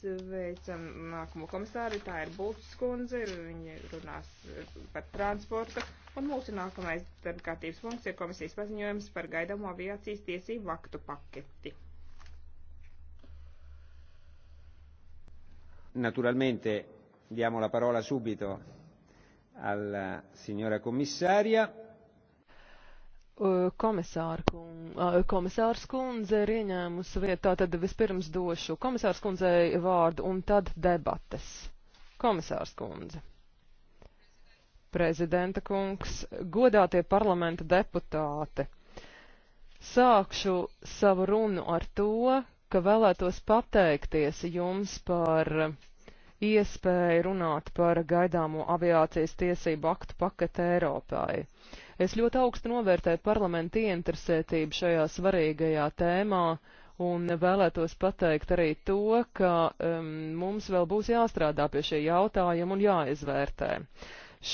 sveicam nākamo komisāri, tā ir Bultas kundze, viņa runās par transportu, un mūsu nākamais darbkārtības punkts ir komisijas paziņojums par gaidamo aviācijas tiesību aktu paketi. Naturalmente diamo la parola subito alla signora commissaria. Eh, komisāra kundze, eh, komisārs kundze ir ieņēmusi vietu, tātad vispirms došu komisārs kundzei vārdu un tad debates. Komisārs kundze. Prezidenta kungs, godātie parlamenta deputāti. Sākšu savu runu ar to, ka vēlētos pateikties jums par iespēju runāt par gaidāmo aviācijas tiesību aktu paketi Eiropai. Es ļoti augstu novērtēju parlamenta ieinteresētību šajā svarīgajā tēmā. Un vēlētos pateikt arī to, ka um, mums vēl būs jāstrādā pie šī jautājuma un jāizvērtē.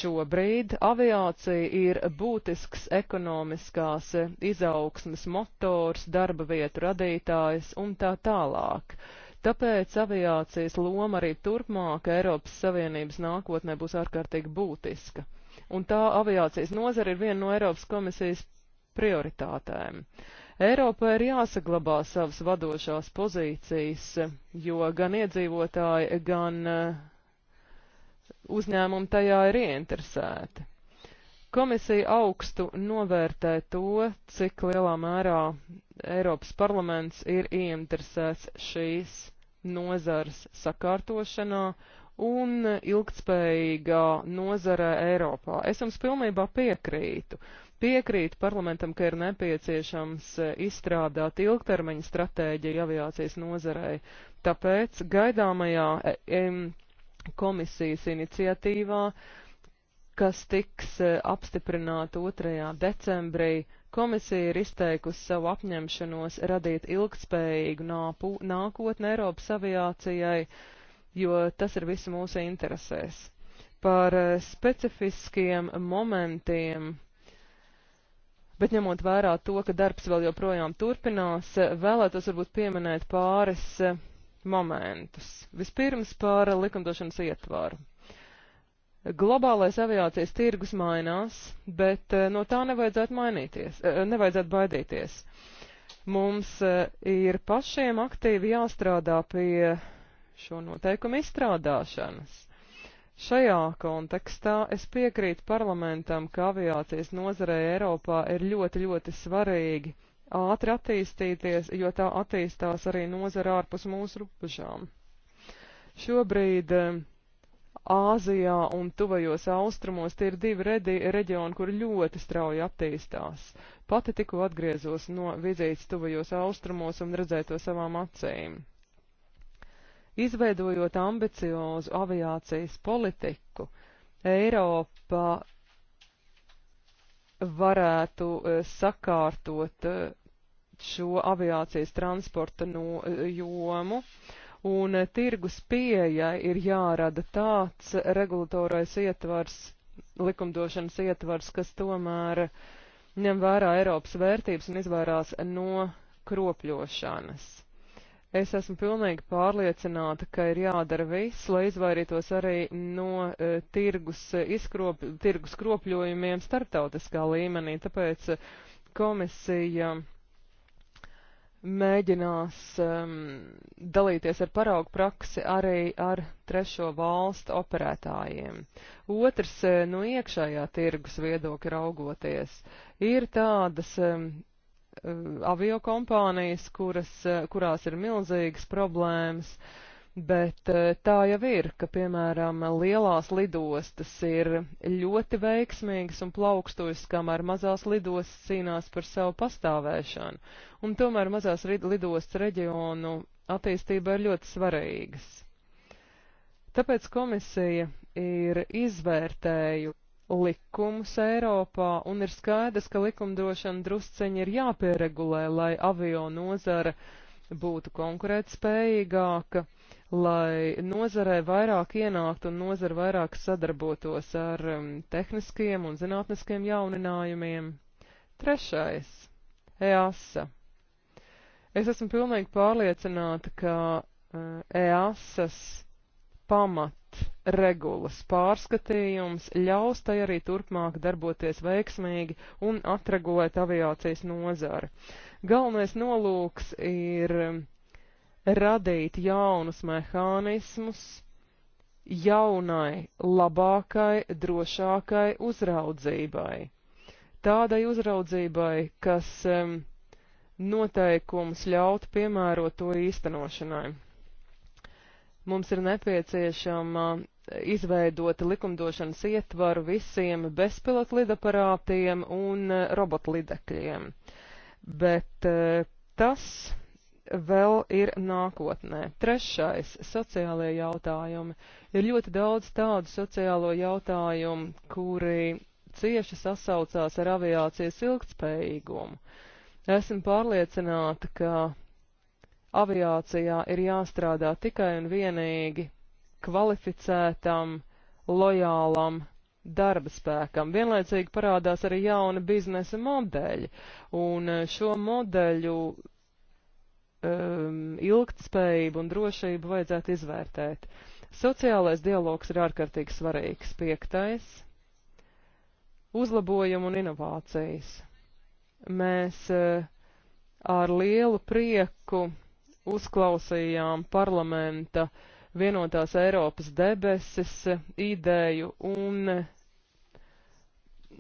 Šobrīd aviācija ir būtisks ekonomiskās izaugsmas motors, darba vietu radītājs un tā tālāk. Tāpēc aviācijas loma arī turpmāk Eiropas Savienības nākotnē būs ārkārtīgi būtiska un tā aviācijas nozara ir viena no Eiropas komisijas prioritātēm. Eiropai ir jāsaglabā savas vadošās pozīcijas, jo gan iedzīvotāji, gan eh, uzņēmumi tajā ir ieinteresēti. Komisija augstu novērtē to, cik lielā mērā Eiropas parlaments ir ieinteresēts šīs nozars sakārtošanā, uh, un ilgtspējīgā nozarē Eiropā. Es jums pilnībā piekrītu. Piekrītu parlamentam, ka ir nepieciešams eh, izstrādāt ilgtermiņa stratēģiju aviācijas nozarei. Tāpēc gaidāmajā eh, komisijas iniciatīvā, kas tiks eh, apstiprināta 2. decembrī, Komisija ir izteikusi savu apņemšanos radīt ilgtspējīgu nāpu, nākotni Eiropas aviācijai, jo tas ir visu mūsu interesēs. Par eh, specifiskiem momentiem, bet ņemot vērā to, ka darbs vēl joprojām turpinās, eh, vēlētos varbūt pieminēt pāris eh, momentus. Vispirms par likumdošanas ietvaru. Globālais aviācijas tirgus mainās, bet no tā nevajadzētu, mainīties, nevajadzētu baidīties. Mums ir pašiem aktīvi jāstrādā pie šo noteikumu izstrādāšanas. Šajā kontekstā es piekrītu parlamentam, ka aviācijas nozarē Eiropā ir ļoti, ļoti svarīgi ātri attīstīties, jo tā attīstās arī nozara ārpus mūsu rupužām. Šobrīd eh, Āzijā un tuvajos austrumos tie ir divi redi, reģioni, kur ļoti strauji attīstās. Pati tikko atgriezos no vizītes tuvajos austrumos un redzēju to savām acīm. Izveidojot ambiciozu aviācijas politiku, Eiropa varētu e, sakārtot e, šo aviācijas transporta no, e, jomu, un tirgus pieeja ir jārada tāds regulatorais ietvars, likumdošanas ietvars, kas tomēr ņem vērā Eiropas vērtības un izvairās no kropļošanas. Es esmu pilnīgi pārliecināta, ka ir jādara viss, lai izvairītos arī no e, tirgus, e, izkrop, tirgus kropļojumiem starptautiskā līmenī. Tāpēc e, komisija mēģinās um, e, dalīties ar paraugu praksi arī ar trešo valstu operētājiem. Otrs, e, no iekšējā tirgus viedokļa raugoties, ir tādas um, Eh, avio kompānijas, kuras, eh, kurās ir milzīgas problēmas, bet eh, tā jau ir, ka, piemēram, lielās lidostas ir ļoti veiksmīgas un plaukstojas, kamēr mazās lidostas cīnās par savu pastāvēšanu, un tomēr mazās lidostas reģionu attīstība ir ļoti svarīgas. Tāpēc komisija ir izvērtēju, likumus Eiropā, un ir skaidrs, ka likumdošana drusceņi ir jāpieregulē, lai avio nozara būtu konkurētspējīgāka, lai nozarē vairāk ienāktu un nozara vairāk sadarbotos ar um, tehniskiem un zinātniskiem jauninājumiem. Trešais - EASA. Es esmu pilnīgi pārliecināta, ka uh, EASAS pamatregulas pārskatījums ļaus tai arī turpmāk darboties veiksmīgi un atregulēt aviācijas nozari. Galvenais nolūks ir radīt jaunus mehānismus jaunai, labākai, drošākai uzraudzībai. Tādai uzraudzībai, kas um, noteikums ļaut piemērot to īstenošanai. Mums ir nepieciešama eh, izveidota likumdošanas ietvaru visiem bezpilotu lidaparātiem un eh, robotlidekļiem. Bet eh, tas vēl ir nākotnē. Trešais - sociālie jautājumi. Ir ļoti daudz tādu sociālo jautājumu, kuri cieši sasaucās ar aviācijas ilgtspējīgumu. Esmu pārliecināta, ka aviācijā ir jāstrādā tikai un vienīgi kvalificētam, lojālam darba spēkam. Vienlaicīgi parādās arī jauni biznesa modeļi, un eh, šo modeļu um, ilgtspējību un drošību vajadzētu izvērtēt. Sociālais dialogs ir ārkārtīgi svarīgs. Piektais - uzlabojumu un inovācijas. Mēs uh, ar lielu prieku uzklausījām parlamenta vienotās Eiropas debesis ideju un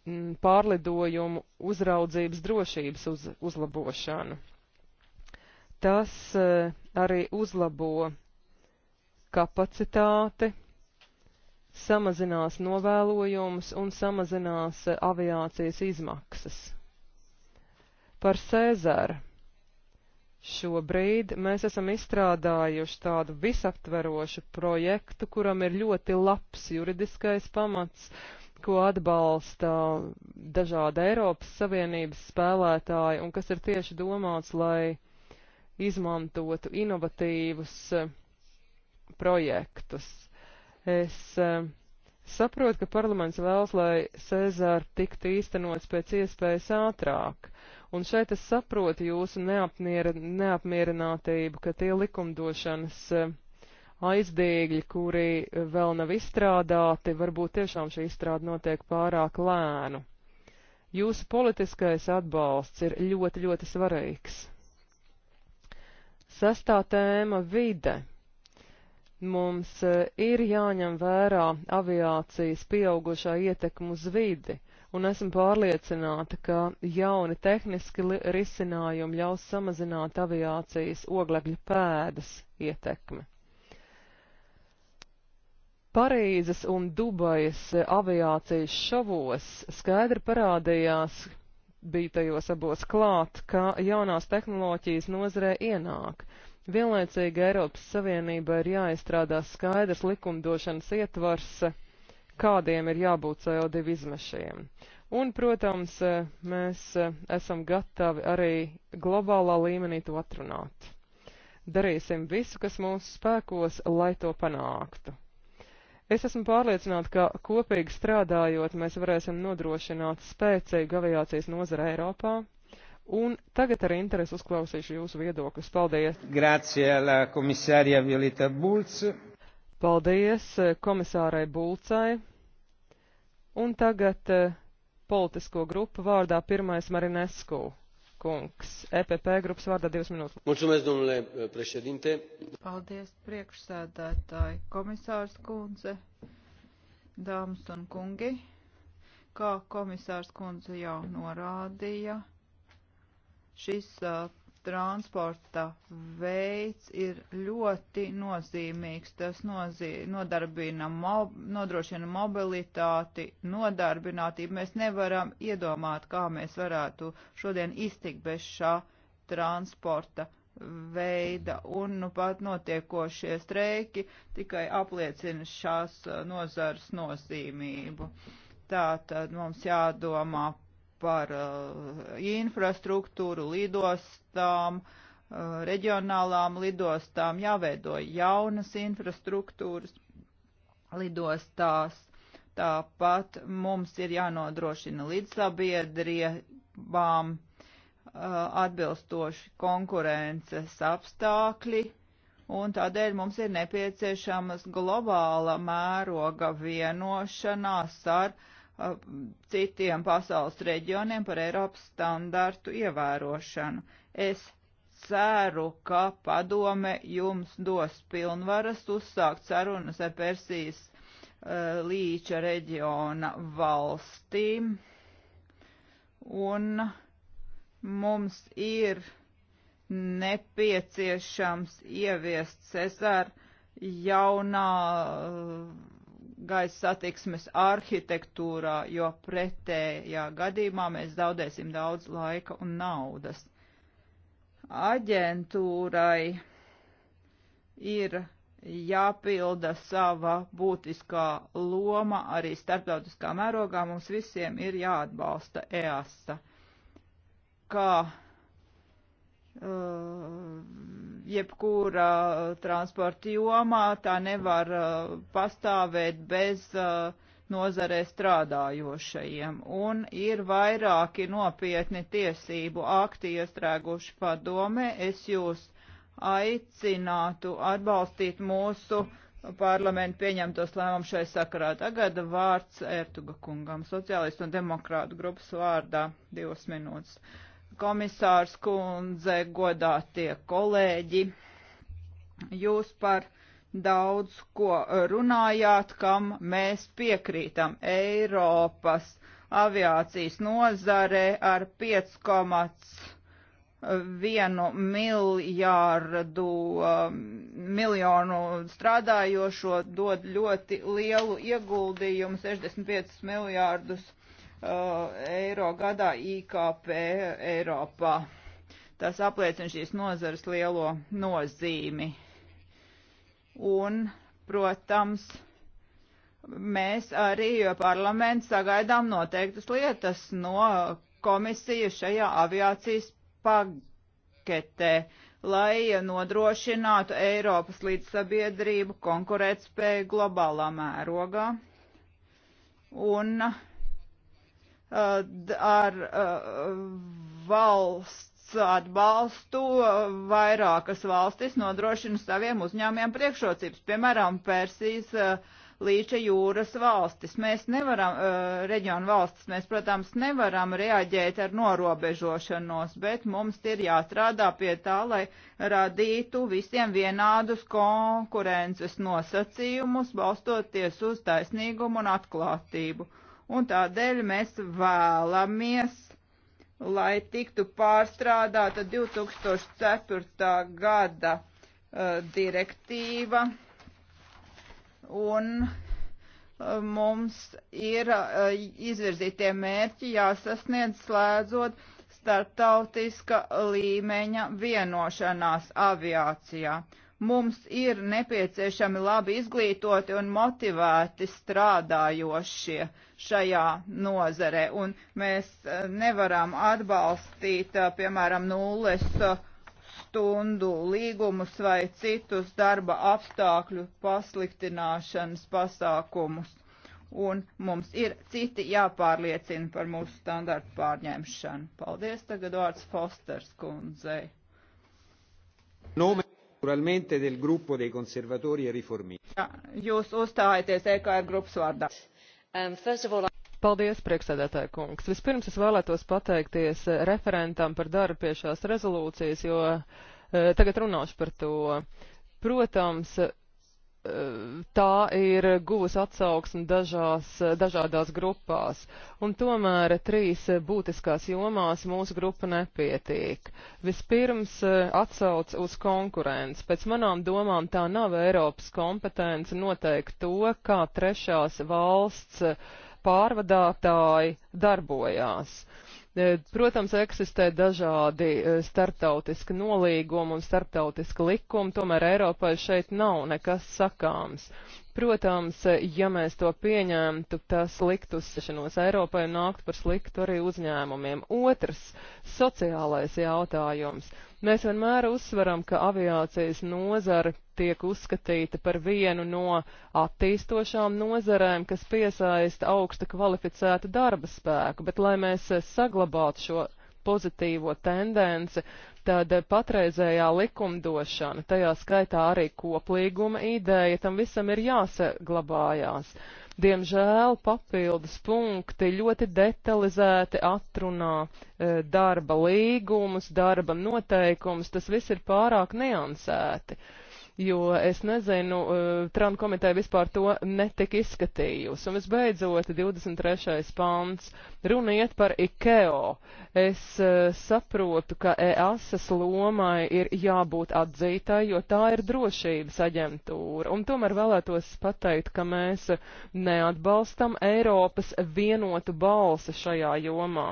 mm, pārlidojumu uzraudzības drošības uz, uzlabošanu. Tas e, arī uzlabo kapacitāti, samazinās novēlojumus un samazinās aviācijas izmaksas. Par Cēzara Šobrīd mēs esam izstrādājuši tādu visaptverošu projektu, kuram ir ļoti labs juridiskais pamats, ko atbalsta dažādi Eiropas Savienības spēlētāji un kas ir tieši domāts, lai izmantotu inovatīvus eh, projektus. Es eh, saprotu, ka parlaments vēlas, lai Cezāra tiktu īstenots pēc iespējas ātrāk. Uh, Un šeit es saprotu jūsu neapmier, neapmierinātību, ka tie likumdošanas eh, aizdēgļi, kuri eh, vēl nav izstrādāti, varbūt tiešām šī izstrāde notiek pārāk lēnu. Jūsu politiskais atbalsts ir ļoti, ļoti svarīgs. Sestā tēma - vide. Mums eh, ir jāņem vērā aviācijas pieaugušā ietekmu uz vidi un esmu pārliecināta, ka jauni tehniski risinājumi ļaus samazināt aviācijas oglekļa pēdas ietekmi. Parīzes un Dubajas aviācijas šovos skaidri parādījās, bija tajos abos klāt, ka jaunās tehnoloģijas nozarē ienāk. Vienlaicīgi Eiropas Savienība ir jāizstrādā skaidrs likumdošanas ietvars kādiem ir jābūt CO2 izmešiem. Un, protams, mēs esam gatavi arī globālā līmenī to atrunāt. Darīsim visu, kas mūsu spēkos, lai to panāktu. Es esmu pārliecināta, ka kopīgi strādājot, mēs varēsim nodrošināt spēcīgu aviācijas nozara Eiropā. Un tagad ar interesi uzklausīšu jūsu viedokļus. Paldies! Grazie, la komisārija Violeta Bulc. Paldies komisārai Bulcai. Un tagad e, politisko grupu vārdā pirmais Marinesku kungs. EPP grupas vārdā divas minūtes. Mulțumesc, domnule eh, președinte. Paldies, priekšsēdētāji, komisārs kundze, dāmas un kungi. Kā komisārs kundze jau norādīja, šis uh, transporta veids ir ļoti nozīmīgs. Tas nozī, nodarbina, mob, nodrošina mobilitāti, nodarbinātību. Mēs nevaram iedomāt, kā mēs varētu šodien iztikt bez šā transporta veida, un nu pat notiekošie streiki tikai apliecina šās nozars nozīmību. Tātad mums jādomā par uh, infrastruktūru, lidostām, uh, reģionālām lidostām, jāveido jaunas infrastruktūras lidostās. Tāpat mums ir jānodrošina līdzsabiedriebām uh, atbilstoši konkurences apstākļi, un tādēļ mums ir nepieciešamas globāla mēroga vienošanās ar uh, Uh, citiem pasaules reģioniem par Eiropas standartu ievērošanu. Es ceru, ka padome jums dos pilnvaras uzsākt sarunas ar Persijas uh, līča reģiona valstīm. Un mums ir nepieciešams ieviest Cezar jaunā uh, gaisa satiksmes arhitektūrā, jo pretējā gadījumā mēs zaudēsim daudz laika un naudas. Aģentūrai ir jāpilda sava būtiskā loma arī starptautiskā mērogā. Mums visiem ir jāatbalsta EASA. Kā uh, jebkura uh, transporta jomā, tā nevar uh, pastāvēt bez uh, nozarē strādājošajiem, un ir vairāki nopietni tiesību akti iestrēguši padome. Es jūs aicinātu atbalstīt mūsu parlamentu pieņemtos lēmumus šai sakarā. Tagad vārds Ertuga kungam, sociālistu un demokrātu grupas vārdā, divas minūtes. Uh, komisārs kundze, godātie kolēģi, jūs par daudz ko runājāt, kam mēs piekrītam Eiropas aviācijas nozare ar 5,1 miljārdu um, miljonu strādājošo dod ļoti lielu ieguldījumu, 65 miljārdus Uh, eiro gadā IKP Eiropā. Tas apliecina šīs nozares lielo nozīmi. Un, protams, mēs arī parlaments sagaidām noteiktas lietas no komisijas šajā aviācijas paketē, lai nodrošinātu Eiropas līdzsabiedrību konkurētspēju globālā mērogā. Un uh, ar valsts atbalstu vairākas valstis nodrošina saviem uzņēmiem priekšrocības, piemēram, Persijas līča jūras valstis. Mēs nevaram, reģionu valstis, mēs, protams, nevaram reaģēt ar norobežošanos, bet mums ir jāstrādā pie tā, lai radītu visiem vienādus konkurences nosacījumus, balstoties uz taisnīgumu un atklātību un tādēļ mēs vēlamies, lai tiktu pārstrādāta 2004. gada uh, direktīva un uh, mums ir uh, izvirzītie mērķi jāsasniedz slēdzot starptautiska līmeņa vienošanās aviācijā. Mums ir nepieciešami labi izglītoti un motivēti strādājošie šajā nozare, un mēs e, nevaram atbalstīt, e, piemēram, nulles e, stundu līgumus vai citus darba apstākļu pasliktināšanas pasākumus. Un mums ir citi jāpārliecina par mūsu standartu pārņemšanu. Paldies, tagad vārds Fosters kundzei. Numi naturalmente del gruppo dei conservatori e riformisti. Jā, jūs uzstājaties EKR grupas vārdā. Um, all... Paldies, priekšsēdētāja kungs. Vispirms es vēlētos pateikties referentam par darbu pie šās rezolūcijas, jo e, tagad runāšu par to. Protams, tā ir guvis atsauksmi dažās, dažādās grupās, un tomēr trīs būtiskās jomās mūsu grupa nepietiek. Vispirms e, atsauc uz konkurenci. Pēc manām domām tā nav Eiropas kompetence noteikt to, kā trešās valsts pārvadātāji darbojās. Uh, E, protams, eksistē dažādi e, starptautiski nolīgumi un starptautiski likumi, tomēr Eiropai šeit nav nekas sakāms. Protams, e, ja mēs to pieņemtu, tas liktu uzsešanos Eiropai un nākt par sliktu arī uzņēmumiem. Otrs - sociālais jautājums. Mēs vienmēr uzsveram, ka aviācijas nozara tiek uzskatīta par vienu no attīstošām nozarēm, kas piesaista augsta kvalificētu darba spēku, bet lai mēs saglabātu šo pozitīvo tendenci, tad patreizējā likumdošana, tajā skaitā arī koplīguma ideja, tam visam ir jāsaglabājās. Diemžēl papildus punkti ļoti detalizēti atrunā e, darba līgumus, darba noteikumus, tas viss ir pārāk niansēti jo es nezinu, eh, Trana komiteja vispār to netika izskatījusi. Un visbeidzot, 23. pāns. Runa iet par IKEO. Es eh, saprotu, ka EASAS lomai ir jābūt atzītai, jo tā ir drošības aģentūra. Un tomēr vēlētos pateikt, ka mēs neatbalstam Eiropas vienotu balsi šajā jomā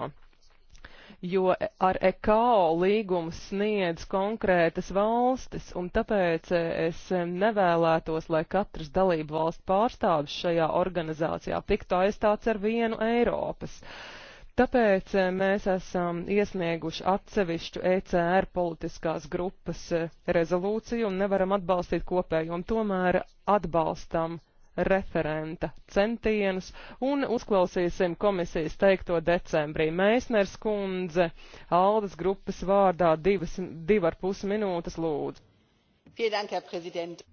jo ar EKO līgumu sniedz konkrētas valstis, un tāpēc e, es e, nevēlētos, lai katrs dalību valstu pārstāvis šajā organizācijā tiktu aizstāts ar vienu Eiropas. Tāpēc e, mēs esam iesnieguši atsevišķu ECR politiskās grupas rezolūciju un nevaram atbalstīt kopēju, un tomēr atbalstam referenta centienus un uzklausīsim komisijas teikto decembrī. Mēsners kundze, Aldas grupas vārdā divas, divar pus minūtes lūdzu.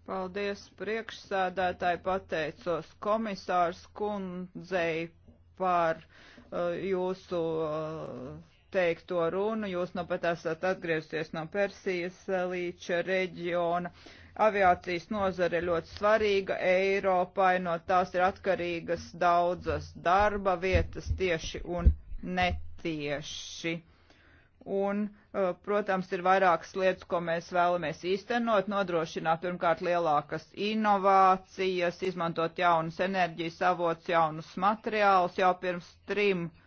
Paldies priekšsādātāji, pateicos komisārs kundzei par uh, jūsu uh, teikto runu. Jūs nu pat esat atgriezusies no Persijas uh, līča reģiona. Uh, Aviācijas nozare ļoti svarīga Eiropai, no tās ir atkarīgas daudzas darba vietas tieši un netieši. Un, eh, protams, ir vairākas lietas, ko mēs vēlamies īstenot, nodrošināt pirmkārt lielākas inovācijas, izmantot jaunus enerģijas avots, jaunus materiālus jau pirms trim gadiem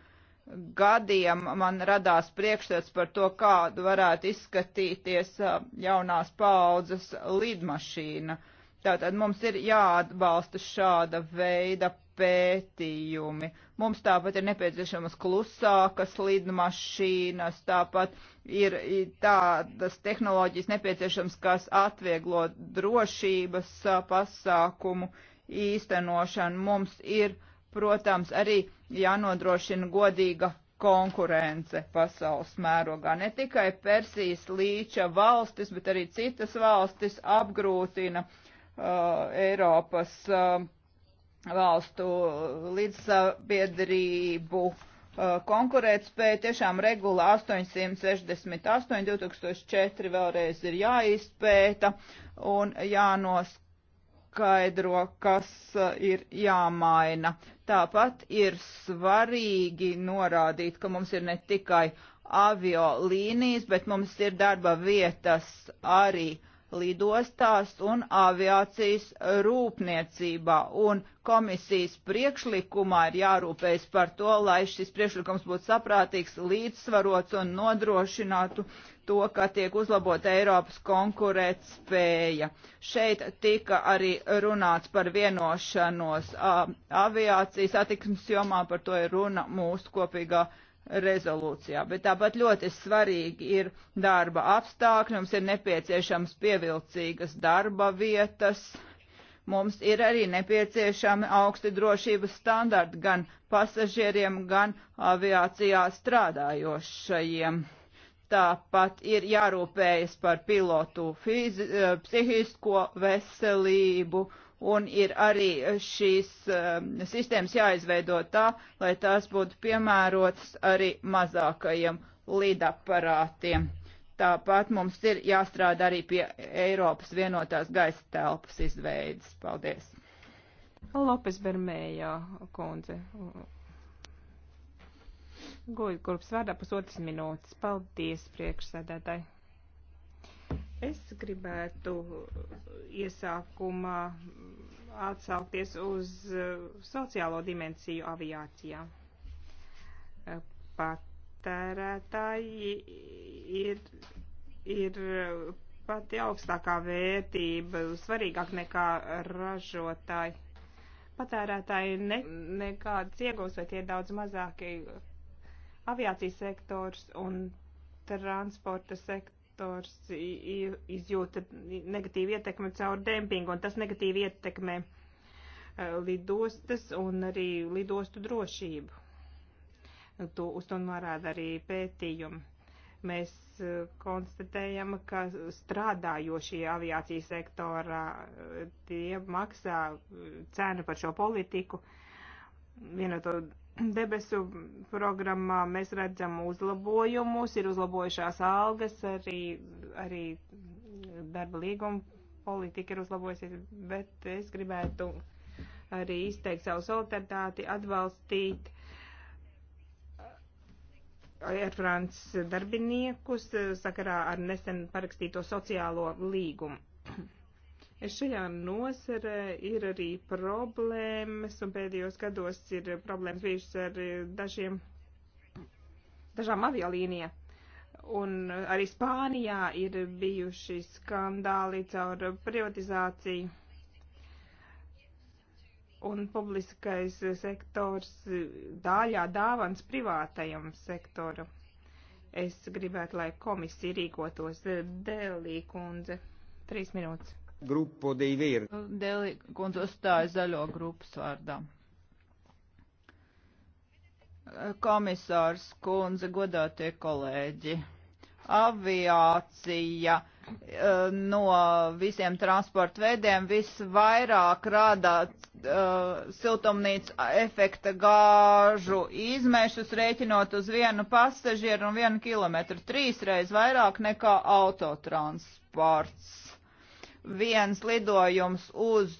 gadiem man radās priekšstats par to, kādu varētu izskatīties jaunās paaudzes lidmašīna. Tātad mums ir jāatbalsta šāda veida pētījumi. Mums tāpat ir nepieciešamas klusākas lidmašīnas, tāpat ir tādas tehnoloģijas nepieciešams, kas atvieglo drošības pasākumu īstenošanu. Mums ir, protams, arī jānodrošina godīga konkurence pasaules mērogā. Ne tikai Persijas līča valstis, bet arī citas valstis apgrūtina uh, Eiropas uh, valstu līdzsabiedrību uh, konkurētspēja. Tiešām regula 868 2004 vēlreiz ir jāizpēta un jānos jāpaskaidro, kas eh, ir jāmaina. Tāpat ir svarīgi norādīt, ka mums ir ne tikai avio līnijas, bet mums ir darba vietas arī uh, lidostās un aviācijas rūpniecībā. Un komisijas priekšlikumā ir jārūpējas par to, lai šis priekšlikums būtu saprātīgs, līdzsvarots un nodrošinātu to, ka tiek uzlabot Eiropas konkurēt spēja. Šeit tika arī runāts par vienošanos aviācijas attiksmes jomā, par to ir runa mūsu kopīgā rezolūcijā. Bet tāpat ļoti svarīgi ir darba apstākļi, mums ir nepieciešams pievilcīgas darba vietas, mums ir arī nepieciešami augsti drošības standarti gan pasažieriem, gan aviācijā strādājošajiem. Tāpat ir jārūpējas par pilotu fizi, eh, psihisko veselību un ir arī šīs um, sistēmas jāizveido tā, lai tās būtu piemērotas arī mazākajiem lidaparātiem. Tāpat mums ir jāstrādā arī pie Eiropas vienotās gaisa telpas izveidas. Paldies! Lopes Bermējā kundze. Guļgurps vārdā pusotras minūtes. Paldies priekšsēdētāji! Es gribētu iesākumā atsaukties uz eh, sociālo dimensiju aviācijā. Eh, patērētāji ir, ir pati augstākā vērtība, svarīgāk nekā ražotāji. Patērētāji ne, nekādas iegūs, vai tie ir daudz mazāki aviācijas sektors un transporta sektors sektors izjūta negatīvu ietekmi caur dempingu, un tas negatīvi ietekmē e, lidostas un arī lidostu drošību. To, uz to norāda arī pētījumi. Mēs e, konstatējam, ka strādājošie aviācijas sektorā e, tie maksā cenu par šo politiku. Viena no to debesu programmā mēs redzam uzlabojumus, ir uzlabojušās algas, arī, arī darba līguma politika ir uzlabojusies, bet es gribētu arī izteikt savu solidaritāti, atbalstīt eh, Air France darbiniekus eh, sakarā ar nesen parakstīto sociālo līgumu. Šajā nozarē ir arī problēmas, un pēdējos gados ir problēmas bijušas ar dažiem, dažām aviolīnijām. Un arī Spānijā ir bijuši skandāli caur privatizāciju. Un publiskais sektors dāļā dāvans privātajam sektoram. Es gribētu, lai komisija rīkotos Delī kundze. Trīs minūtes. Grupo dei Verdi. Nu, Deli kundze uzstāja zaļo grupas vārdā. Komisārs kundze, godātie kolēģi aviācija eh, no visiem transporta veidiem visvairāk rada uh, siltumnīca efekta gāžu izmešus, rēķinot uz vienu pasažieru un vienu kilometru trīsreiz vairāk nekā autotransports viens lidojums uz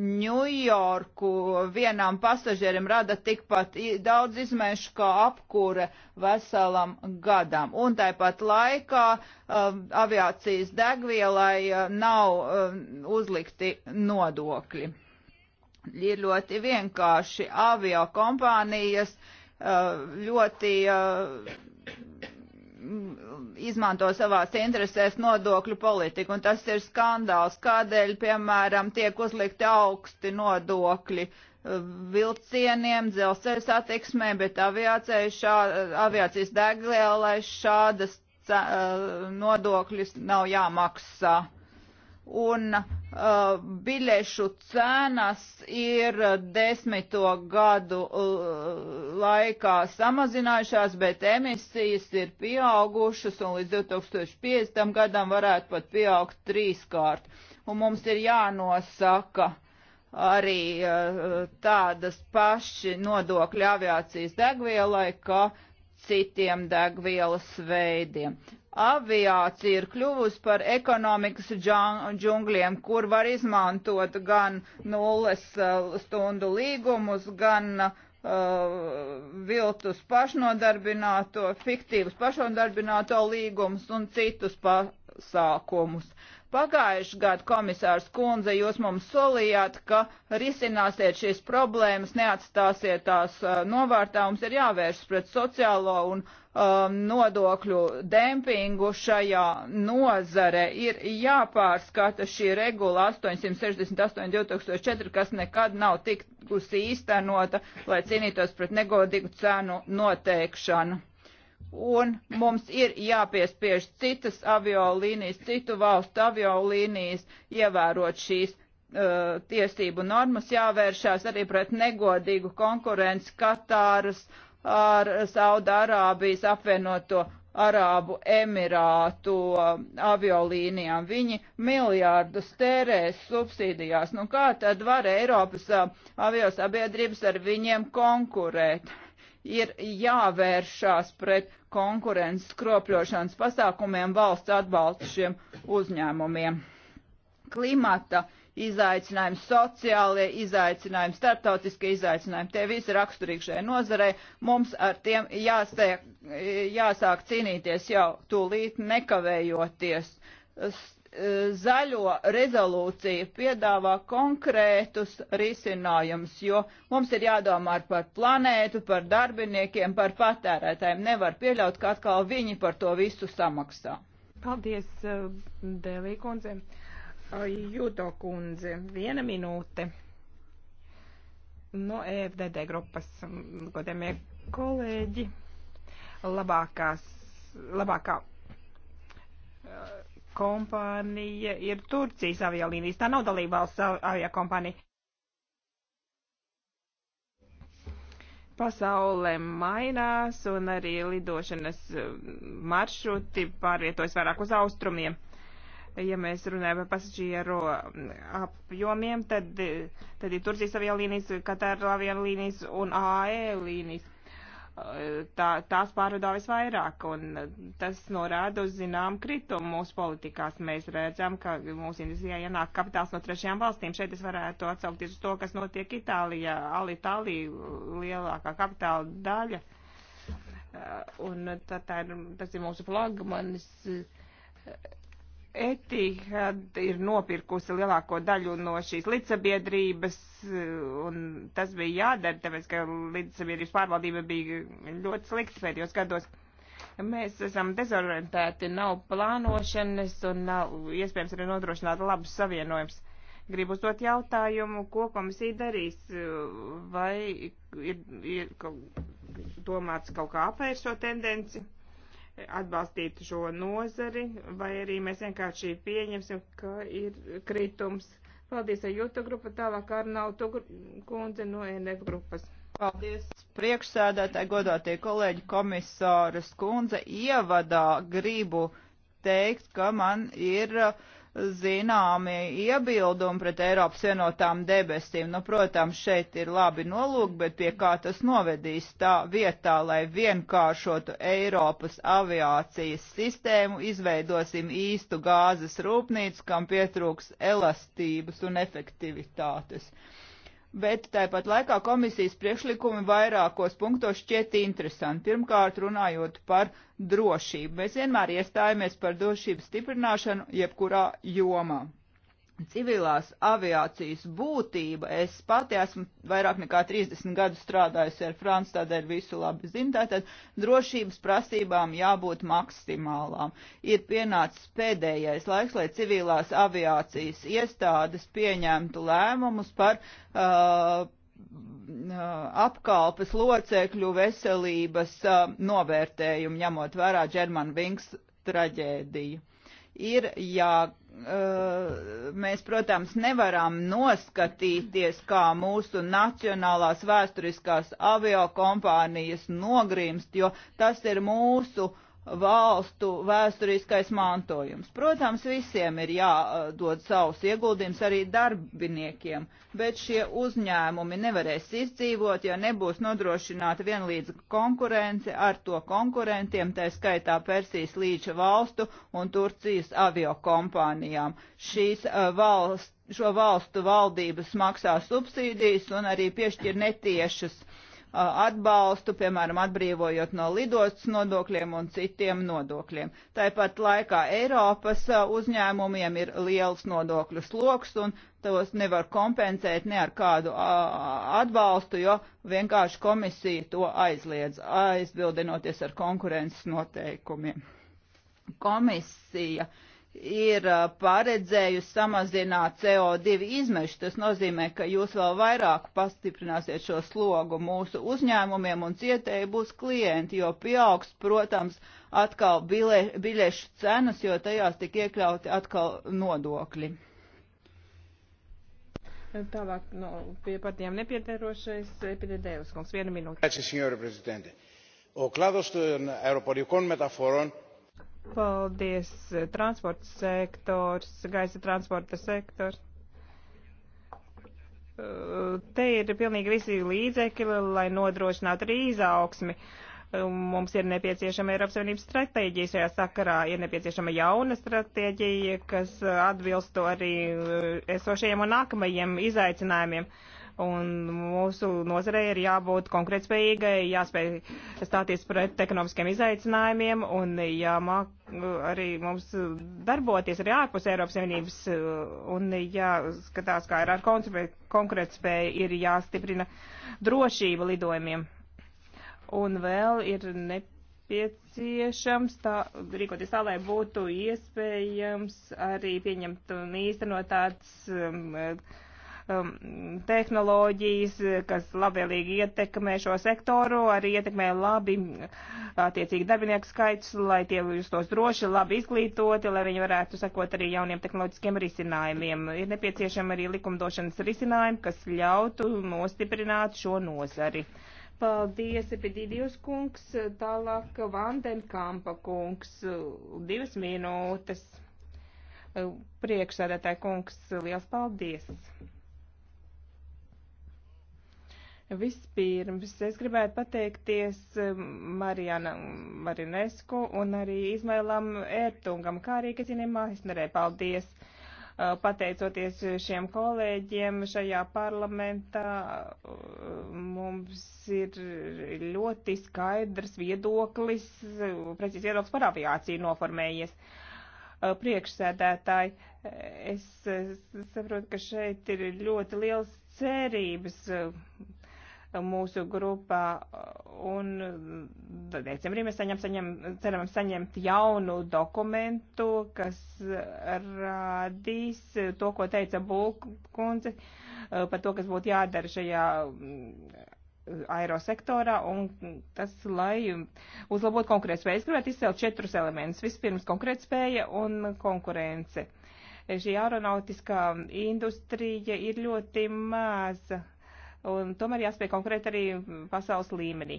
Ņujorku uh, vienam pasažierim rada tikpat daudz izmešu kā apkūre veselam gadam. Un tāpat laikā uh, aviācijas degvielai uh, nav uh, uzlikti nodokļi. Ir ļoti vienkārši avio kompānijas uh, ļoti. Uh, Mm, izmanto savās interesēs nodokļu politiku, un tas ir skandāls, kādēļ, piemēram, tiek uzlikti augsti nodokļi eh, vilcieniem, dzelzceļa satiksmē, bet šā, aviācijas degvielai šādas eh, nodokļus nav jāmaksā un uh, biļešu cenas ir desmito gadu uh, laikā samazinājušās, bet emisijas ir pieaugušas un līdz 2050. gadam varētu pat pieaugt trīskārt. Un mums ir jānosaka arī uh, tādas paši nodokļi aviācijas degvielai, ka citiem degvielas veidiem aviācija ir kļuvusi par ekonomikas džungļiem, kur var izmantot gan nulles uh, stundu līgumus, gan uh, viltus pašnodarbināto, fiktīvus pašnodarbināto līgumus un citus pasākumus. Pagājuši gadu komisārs kundze, jūs mums solījāt, ka risināsiet šīs problēmas, neatstāsiet tās novārtā, mums ir jāvēršas pret sociālo un um, nodokļu dempingu šajā nozare. Ir jāpārskata šī regula 868-2004, kas nekad nav tikusi īstenota, lai cīnītos pret negodīgu cenu noteikšanu un mums ir jāpiespiež citas aviolīnijas, citu valstu aviolīnijas ievērot šīs uh, tiesību normas, jāvēršās arī pret negodīgu konkurenci Katāras ar Saudārābijas apvienoto Arābu Emirātu um, uh, aviolīnijām. Viņi miljārdus tērēs subsīdijās. Nu kā tad var Eiropas uh, aviosabiedrības ar viņiem konkurēt? ir jāvēršās pret konkurences skropļošanas pasākumiem valsts atbalsta šiem uzņēmumiem. Klimata izaicinājumi, sociālie izaicinājumi, starptautiskie izaicinājumi, tie visi raksturīgi šai nozarei. Mums ar tiem jāsāk, jāsāk cīnīties jau tūlīt nekavējoties zaļo rezolūcija piedāvā konkrētus risinājumus, jo mums ir jādomā par planētu, par darbiniekiem, par patērētājiem. Nevar pieļaut, ka atkal viņi par to visu samaksā. Paldies, eh, Dēlī kundze. Judo kundze, viena minūte. No EFDD grupas, mm, godamie kolēģi, labākās, labākā kompānija ir Turcijas aviolīnijas. Tā nav dalībvalsts aviokompānija. Pasaule mainās un arī lidošanas eh, maršruti pārvietojas vairāk uz austrumiem. Ja mēs runājam par pasažieru mm, apjomiem, tad, eh, tad ir Turcijas aviolīnijas, Katāra aviolīnijas un AE līnijas tā, tās pārvadā visvairāk, un tas norāda uz zinām kritumu mūsu politikās. Mēs redzam, ka mūsu industrijā ienāk kapitāls no trešajām valstīm. Šeit es varētu atsaukties uz to, kas notiek Itālijā. Alitālija lielākā kapitāla daļa, un tā, tā ir, tas ir mūsu flagmanis. Uh, Etihad ir nopirkusi lielāko daļu no šīs līdzsabiedrības, un tas bija jādara, tāpēc, ka līdzsabiedrības pārvaldība bija ļoti slikta pēdējos gados. Mēs esam dezorientēti, nav plānošanas un nav iespējams arī nodrošināt labus savienojumus. Gribu uzdot jautājumu, ko komisija darīs, vai ir, ir domāts kaut kā apvērst šo tendenci? atbalstīt šo nozari, vai arī mēs vienkārši pieņemsim, ka ir kritums. Paldies ar jūtu grupu, tālāk ar nautu kundze no NF grupas. Paldies priekšsēdētāji, godātie kolēģi komisāras kundze. Ievadā gribu teikt, ka man ir uh, zināmi iebildumi pret Eiropas vienotām debesīm. Nu, protams, šeit ir labi nolūk, bet pie kā tas novedīs tā vietā, lai vienkāršotu Eiropas aviācijas sistēmu, izveidosim īstu gāzes rūpnīcu, kam pietrūks elastības un efektivitātes. Uh, bet tāpat laikā komisijas priekšlikumi vairākos punktos šķiet interesanti. Pirmkārt, runājot par drošību. Mēs vienmēr iestājamies par drošības stiprināšanu jebkurā jomā civilās aviācijas būtība. Es pati esmu vairāk nekā 30 gadu strādājusi ar Franci, tādēļ visu labi zinu. Tātad drošības prasībām jābūt maksimālām. Ir pienācis pēdējais laiks, lai civilās aviācijas iestādes pieņemtu lēmumus par uh, uh apkalpes locekļu veselības uh, novērtējumu, ņemot vērā German Wings traģēdiju ir jā. Eh, mēs, protams, nevaram noskatīties, kā mūsu nacionālās vēsturiskās aviokompānijas nogrimst, jo tas ir mūsu uh, valstu vēsturiskais mantojums. Protams, visiem ir jādod savus ieguldījums arī darbiniekiem, bet šie uzņēmumi nevarēs izdzīvot, ja nebūs nodrošināta vienlīdza konkurence ar to konkurentiem, tā skaitā Persijas līča valstu un Turcijas aviokompānijām. Šīs uh, valsts, šo valstu valdības maksā subsīdijas un arī piešķir netiešas uh, atbalstu, piemēram, atbrīvojot no lidostas nodokļiem un citiem nodokļiem. Tāpat laikā Eiropas uzņēmumiem ir liels nodokļu sloks un tos nevar kompensēt ne ar kādu atbalstu, jo vienkārši komisija to aizliedz, aizbildinoties ar konkurences noteikumiem. Komisija uh, ir paredzējusi samazināt CO2 izmešu. Tas nozīmē, ka jūs vēl vairāk pastiprināsiet šo slogu mūsu uzņēmumiem un cietēji būs klienti, jo pieaugs, protams, atkal bile, biļešu cenas, jo tajās tik iekļauti atkal nodokļi. Tālāk no, nu, pie partijām nepietērošais Epidēdējus kungs. Viena minūte. Paldies, signora prezidente. O klādos των αεροπορικών μεταφορών Paldies. Eh, transporta sektors, gaisa transporta sektors. Eh, te ir pilnīgi visi līdzekļi, lai nodrošinātu arī izaugsmi. Eh, mums ir nepieciešama Eiropas Savienības stratēģija šajā sakarā, ir nepieciešama jauna stratēģija, kas atbilstu arī esošajiem un nākamajiem izaicinājumiem. Uh, un mūsu nozarei ir jābūt konkrētspējīgai, jāspēj stāties pret ekonomiskiem izaicinājumiem un jāmāk arī mums darboties arī ārpus Eiropas Savienības un jāskatās, kā ir ar konkurētspēju, ir jāstiprina drošība lidojumiem. Un vēl ir nepieciešams tā, rīkoties tā, lai būtu iespējams arī pieņemt un īstenot tāds um, um, tehnoloģijas, kas labvēlīgi ietekmē šo sektoru, arī ietekmē labi attiecīgi darbinieku skaits, lai tie justos droši, labi izglītoti, lai viņi varētu sekot arī jauniem tehnoloģiskiem risinājumiem. Ir nepieciešama arī likumdošanas risinājumi, kas ļautu nostiprināt šo nozari. Paldies, Epidīdijus kungs, tālāk Vandenkampa kungs, divas minūtes. Priekšsēdētāji kungs, liels paldies! Vispirms es gribētu pateikties um, Marijana Marinesku un arī Izmailam Ertungam, kā arī Kazinai Maisnerē. Paldies! Uh, pateicoties šiem kolēģiem šajā parlamentā, uh, mums ir ļoti skaidrs viedoklis, uh, precīzi viedoklis par aviāciju noformējies. Priekšsēdētāji, es saprotu, ka šeit ir ļoti liels cerības mūsu grupā. Un decembrī mēs saņem, saņem, ceram saņemt jaunu dokumentu, kas rādīs to, ko teica Bulkundze eh, par to, kas būtu jādara šajā mm, aerosektorā, un tas, lai uzlabotu konkurētspēju, es gribētu izcelt četrus elementus. Vispirms konkurētspēja un konkurence. Šī aeronautiskā industrija ir ļoti maza un tomēr jāspēj konkrēt arī pasaules līmenī.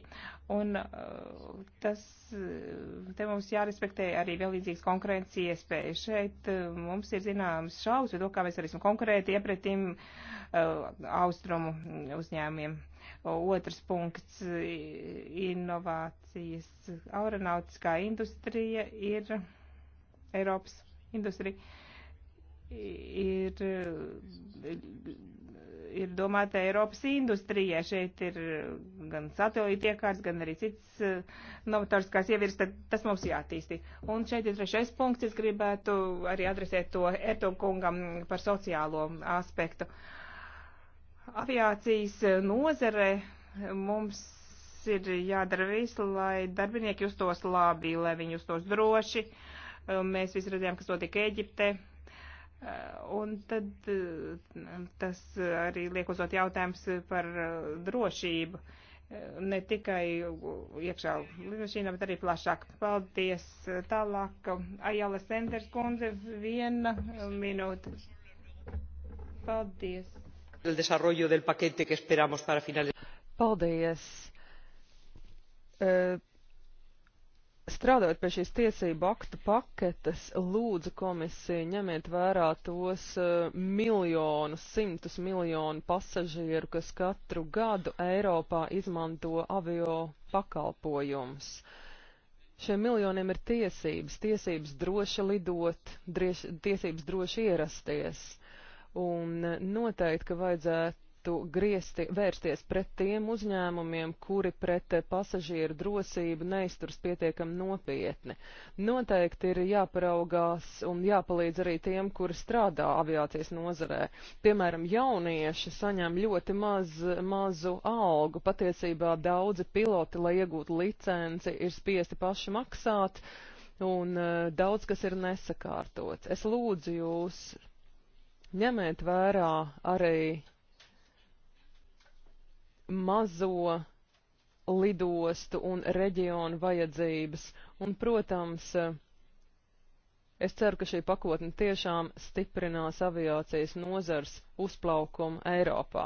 Un uh, tas, uh, te mums jārespektē arī vienlīdzīgas konkurences iespējas. Šeit uh, mums ir zināmas šaubas par to, kā mēs varēsim konkurēt iepretim austrumu uzņēmumiem. Otrs punkts - inovācijas. Aeronautiskā industrija ir Eiropas industrija ir ir domāta Eiropas industrijai. Šeit ir gan satelīti iekārts, gan arī cits eh, novatoriskās ievirs, tad tas mums jātīsti. Un šeit ir trešais punkts, es gribētu arī adresēt to Ertokungam par sociālo aspektu. Aviācijas eh, nozare mums ir jādara visu, lai darbinieki justos labi, lai viņi justos droši. Eh, mēs visi redzējām, kas notika Eģipte Eh, un tad eh, tas arī liek uzdot jautājums par eh, drošību. Ne tikai iekšā lidmašīnā, bet arī plašāk. Paldies. Tālāk Ajala Senders kundze, viena minūte. Paldies. El desarrollo del paquete que esperamos para finales. Paldies. Uh, Strādājot pie šīs tiesību aktu paketes, lūdzu komisiju ņemiet vērā tos uh, eh, miljonus, simtus miljonu pasažieru, kas katru gadu Eiropā izmanto avio pakalpojumus. Šiem miljoniem ir tiesības, tiesības droši lidot, drieš, tiesības droši ierasties. Un noteikti, ka vajadzētu vajadzētu griezti, vērsties pret tiem uzņēmumiem, kuri pret pasažieru drosību neizturs pietiekam nopietni. Noteikti ir jāparaugās un jāpalīdz arī tiem, kuri strādā aviācijas nozarē. Piemēram, jaunieši saņem ļoti maz, mazu algu. Patiesībā daudzi piloti, lai iegūtu licenci, ir spiesti paši maksāt. Un uh, daudz kas ir nesakārtots. Es lūdzu jūs ņemiet vērā arī mazo lidostu un reģionu vajadzības. Un, protams, es ceru, ka šī pakotne tiešām stiprinās aviācijas nozars uzplaukumu Eiropā.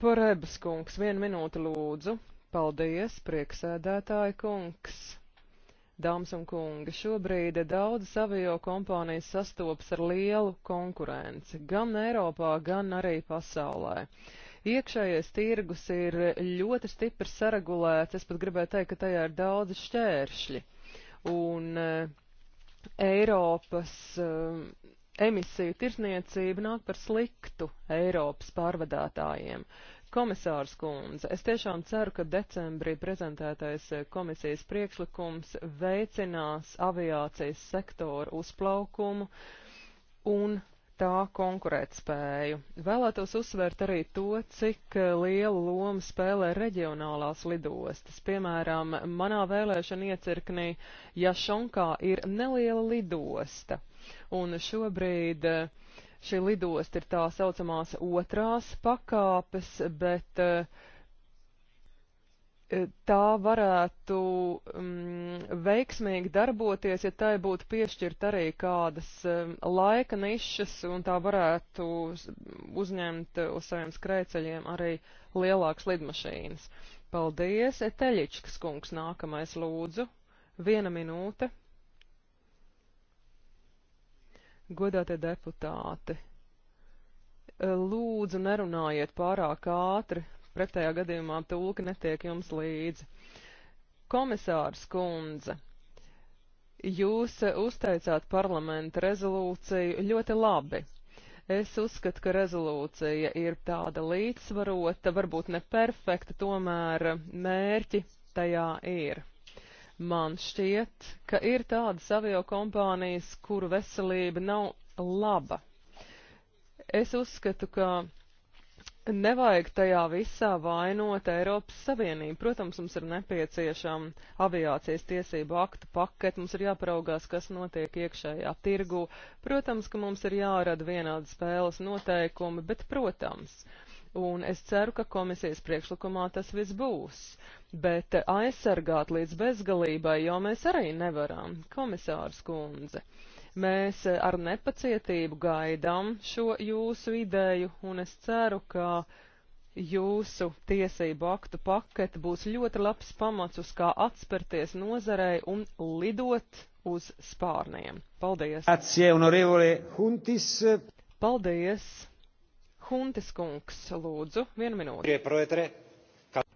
Porebas kungs, vienu minūti lūdzu. Paldies, prieksēdētāji kungs. Dāmas un kungi, šobrīd daudzas avio kompānijas sastopas ar lielu konkurenci, gan Eiropā, gan arī pasaulē. Uh, Iekšējais tirgus ir ļoti stipri saregulēts, es pat gribēju teikt, ka tajā ir daudz šķēršļi. Un eh, Eiropas eh, emisiju tirsniecība nāk par sliktu Eiropas pārvadātājiem. Komisārs kundze, es tiešām ceru, ka decembrī prezentētais eh, komisijas priekšlikums veicinās aviācijas sektoru uzplaukumu un tā konkurētspēju. Vēlētos uzsvērt arī to, cik lielu lomu spēlē reģionālās lidostas. Piemēram, manā vēlēšana iecirknī Jašonkā ir neliela lidosta, un šobrīd eh, šī lidosta ir tā saucamās otrās pakāpes, bet uh, tā varētu um, veiksmīgi darboties, ja tai būtu piešķirt arī kādas um, laika nišas, un tā varētu uzņemt uz saviem skrēceļiem arī lielākas lidmašīnas. Paldies, Eteļičkas kungs, nākamais lūdzu. Viena minūte. Godātie deputāti, lūdzu nerunājiet pārāk ātri, Pretējā gadījumā tulki netiek jums līdzi. Komisārs kundze, jūs uzteicāt parlamenta rezolūciju ļoti labi. Es uzskatu, ka rezolūcija ir tāda līdzsvarota, varbūt ne perfekta, tomēr mērķi tajā ir. Man šķiet, ka ir tādas avio kompānijas, kuru veselība nav laba. Es uzskatu, ka Nevajag tajā visā vainot Eiropas Savienību. Protams, mums ir nepieciešama aviācijas tiesību aktu paketi, mums ir jāparaugās, kas notiek iekšējā tirgu. Protams, ka mums ir jārada vienādi spēles noteikumi, bet, protams, un es ceru, ka komisijas priekšlikumā tas viss būs. Bet aizsargāt līdz bezgalībai jau mēs arī nevaram, komisārs kundze. Uh, Mēs eh, ar nepacietību gaidām šo jūsu ideju, un es ceru, ka jūsu tiesību aktu pakete būs ļoti labs pamats uz kā atspērties nozarei un lidot uz spārniem. Paldies! Atsie, honorevole Huntis! Paldies! Huntis kungs, lūdzu, vienu minūti.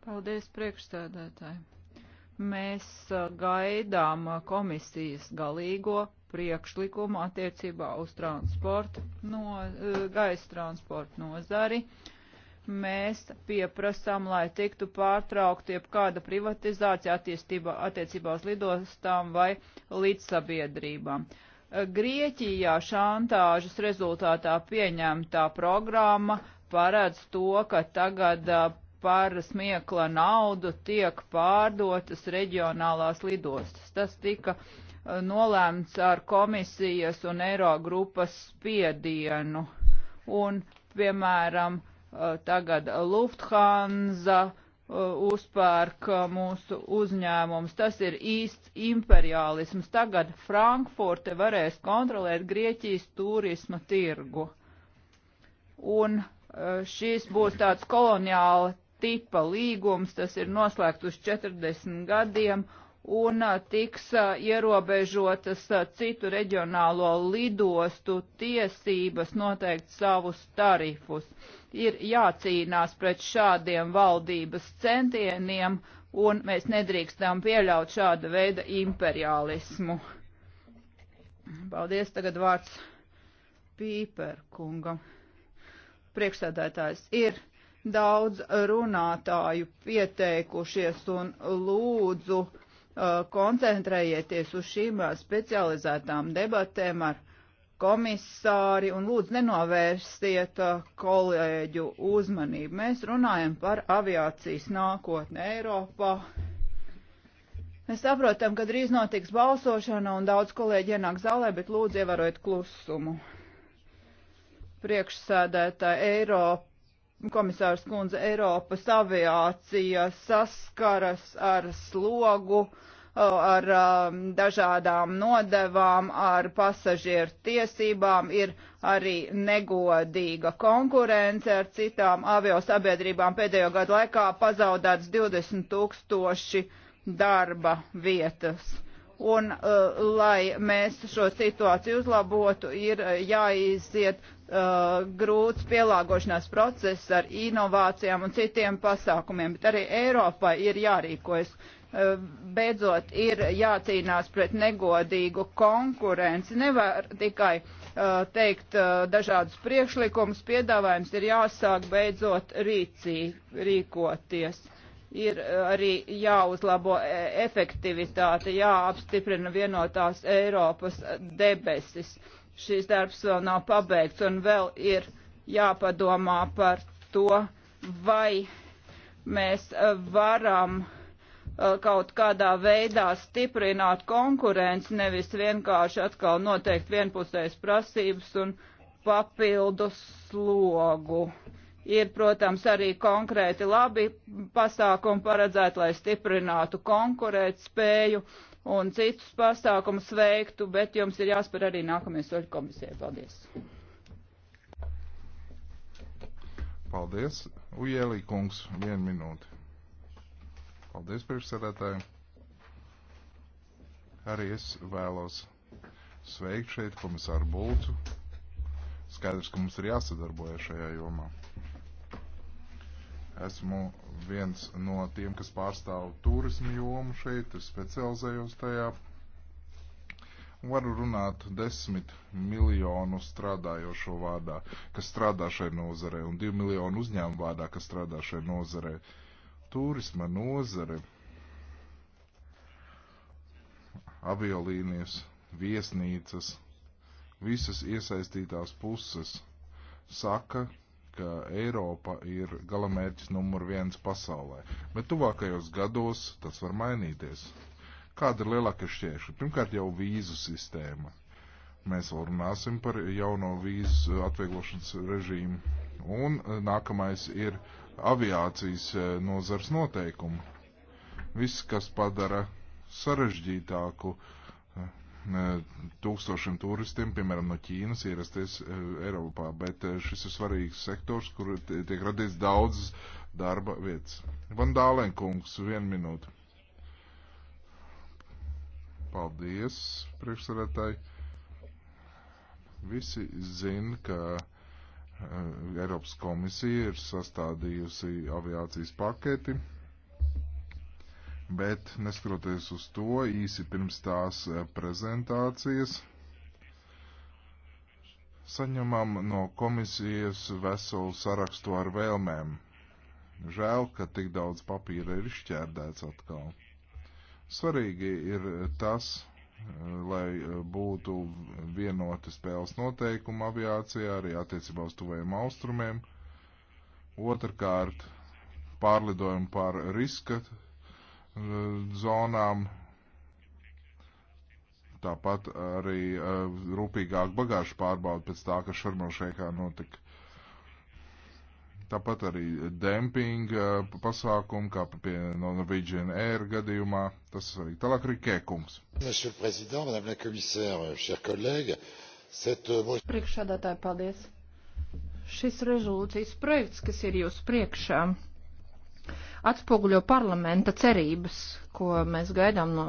Paldies, priekšstādētāji! Mēs eh, gaidām eh, komisijas galīgo priekšlikumu attiecībā uz transportu, no, eh, gaisa transportu nozari. Mēs pieprasām, lai tiktu pārtraukt jebkāda privatizācija attiecībā uz lidostām vai līdzsabiedrībām. Eh, Grieķijā šantāžas rezultātā pieņemtā programma paredz to, ka tagad eh, par smiekla naudu tiek pārdotas reģionālās lidostas. Tas tika uh, nolēmts ar komisijas un eiro grupas spiedienu. Un, piemēram, tagad Lufthansa uzpērk mūsu uzņēmums. Tas ir īsts imperialisms. Tagad Frankfurte varēs kontrolēt Grieķijas turisma tirgu. Un šis būs tāds koloniāla tipa līgums, tas ir noslēgts uz 40 gadiem, un tiks ierobežotas citu reģionālo lidostu tiesības noteikt savus tarifus. Ir jācīnās pret šādiem valdības centieniem, un mēs nedrīkstam pieļaut šāda veida imperialismu. Paldies, tagad vārds Pīperkungam. Priekšsēdētājs ir daudz runātāju pieteikušies un lūdzu Uh, koncentrējieties uz šīm uh, specializētām debatēm ar komisāri un lūdzu nenovērstiet uh, kolēģu uzmanību. Mēs runājam par aviācijas nākotni Eiropā. Mēs saprotam, ka drīz notiks balsošana un daudz kolēģi ienāk zālē, bet lūdzu ievērojiet klusumu. Priekšsēdētāja Eiropa komisārs kundze, Eiropas aviācija saskaras ar slogu, ar um, dažādām nodevām, ar pasažieru tiesībām, ir arī negodīga konkurence ar citām aviosabiedrībām. Pēdējo gadu laikā pazaudēts 20 tūkstoši darba vietas. Un, uh, lai mēs šo situāciju uzlabotu, ir jāiziet Uh, grūts pielāgošanās process ar inovācijām un citiem pasākumiem, bet arī Eiropai ir jārīkojas. Uh, beidzot, ir jācīnās pret negodīgu konkurenci. Nevar tikai uh, teikt uh, dažādus priekšlikumus, piedāvājums ir jāsāk beidzot rīcī, rīkoties. Ir uh, arī jāuzlabo e, efektivitāte, jāapstiprina vienotās Eiropas debesis šīs darbs vēl nav pabeigts un vēl ir jāpadomā par to, vai mēs eh, varam eh, kaut kādā veidā stiprināt konkurenci, nevis vienkārši atkal noteikt vienpusējas prasības un papildus slogu. Ir, protams, arī konkrēti labi pasākumi paredzēti, lai stiprinātu konkurēt spēju, uh, un citus pasākumus veiktu, bet jums ir jāspēr arī nākamie soļi komisijai. Paldies! Paldies, Ujelī kungs, vienu minūti. Paldies, priekšsēdētāji. Arī es vēlos sveikt šeit komisāru Bulcu. Skaidrs, ka mums ir jāsadarbojas šajā jomā. Esmu viens no tiem, kas pārstāv turismu jomu šeit, es specializējos tajā. Varu runāt desmit miljonu strādājošo vārdā, kas strādā šai nozarē, un divu miljonu uzņēmumu vārdā, kas strādā šai nozarē. Turisma nozare, aviolīnijas, viesnīcas, visas iesaistītās puses saka, ka Eiropa ir galamērķis numur viens pasaulē, bet tuvākajos gados tas var mainīties. Kāda ir lielākā šķēršļa? Pirmkārt jau vīzu sistēma. Mēs vēl runāsim par jauno vīzu atvieglošanas režīmu. Un eh, nākamais ir aviācijas eh, nozars noteikumu. Viss, kas padara sarežģītāku uh, E, tūkstošiem turistiem, piemēram, no Ķīnas ierasties e, Eiropā, bet e, šis ir svarīgs sektors, kur tiek radīts daudz darba vietas. Van Dālenkungs, vienu minūtu. Paldies, priekšsarētāji. Visi zina, ka uh, Eiropas komisija ir sastādījusi aviācijas paketi Bet, neskatoties uz to, īsi pirms tās eh, prezentācijas saņemam no komisijas veselu sarakstu ar vēlmēm. Žēl, ka tik daudz papīra ir izšķērdēts atkal. Svarīgi ir tas, eh, lai eh, būtu vienoti spēles noteikumi aviācijā, arī attiecībā uz tuvējiem austrumiem. Otrakārt, pārlidojumu pār riska Eh, zonām. Tāpat arī eh, rūpīgāk bagāžu pārbaudu pēc tā, kas Šarmelšēkā notika. Tāpat arī dempinga eh, pasākumu, kā pie Norwegian Air gadījumā. Tas arī tālāk arī kēkums. Priekšādātāji, paldies! Šis rezolūcijas projekts, kas ir jūsu priekšā, atspoguļo parlamenta cerības, ko mēs gaidām no,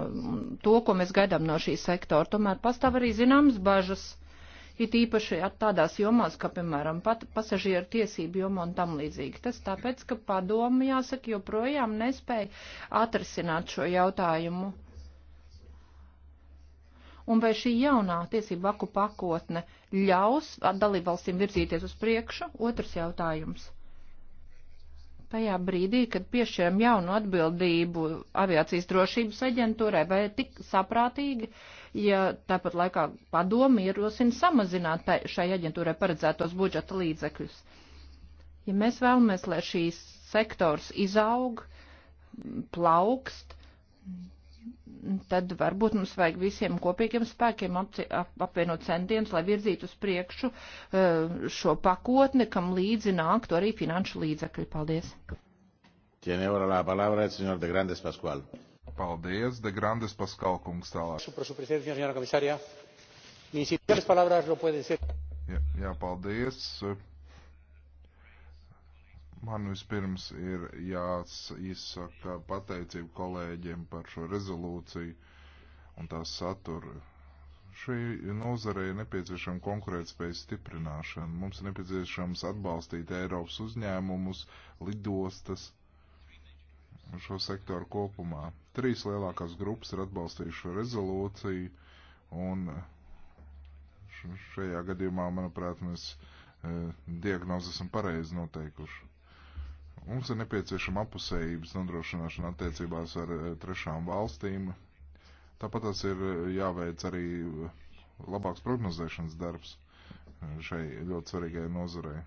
to, ko mēs gaidām no šī sektora. Tomēr pastāv arī zināmas bažas, it īpaši tādās jomās, kā, piemēram, pat pasažieru tiesību joma un tam līdzīgi. Tas tāpēc, ka padomu, jāsaka, joprojām nespēja atrisināt šo jautājumu. Un vai šī jaunā tiesību aku pakotne ļaus dalībvalstīm virzīties uz priekšu? Otrs jautājums tajā brīdī, kad piešķiram jaunu atbildību aviācijas drošības aģentūrai, vai tik saprātīgi, ja tāpat laikā padomi ierosina samazināt šai aģentūrai paredzētos budžeta līdzekļus. Ja mēs vēlamies, lai šīs sektors izaug, plaukst, tad varbūt mums vajag visiem kopīgiem spēkiem apvienot centienus, lai virzītu uz priekšu eh, šo pakotni, kam līdzi nāktu arī finanšu līdzekļi. Paldies! Paldies, De Grandes Paskal kungs tālāk. Jā, jā, paldies. Man vispirms ir jāizsaka pateicību kolēģiem par šo rezolūciju un tās saturu. Šī nozare ir nepieciešama konkurētspējas stiprināšana. Mums ir nepieciešams atbalstīt Eiropas uzņēmumus, lidostas, šo sektoru kopumā. Trīs lielākās grupas ir atbalstījuši šo rezolūciju, un šajā gadījumā, manuprāt, mēs e, diagnozes esam pareizi noteikuši. Mums ir nepieciešama apusējības nodrošināšana attiecībās ar eh, trešām valstīm. Tāpat tas ir eh, jāveic arī eh, labāks prognozēšanas darbs šai ļoti svarīgajai nozarei.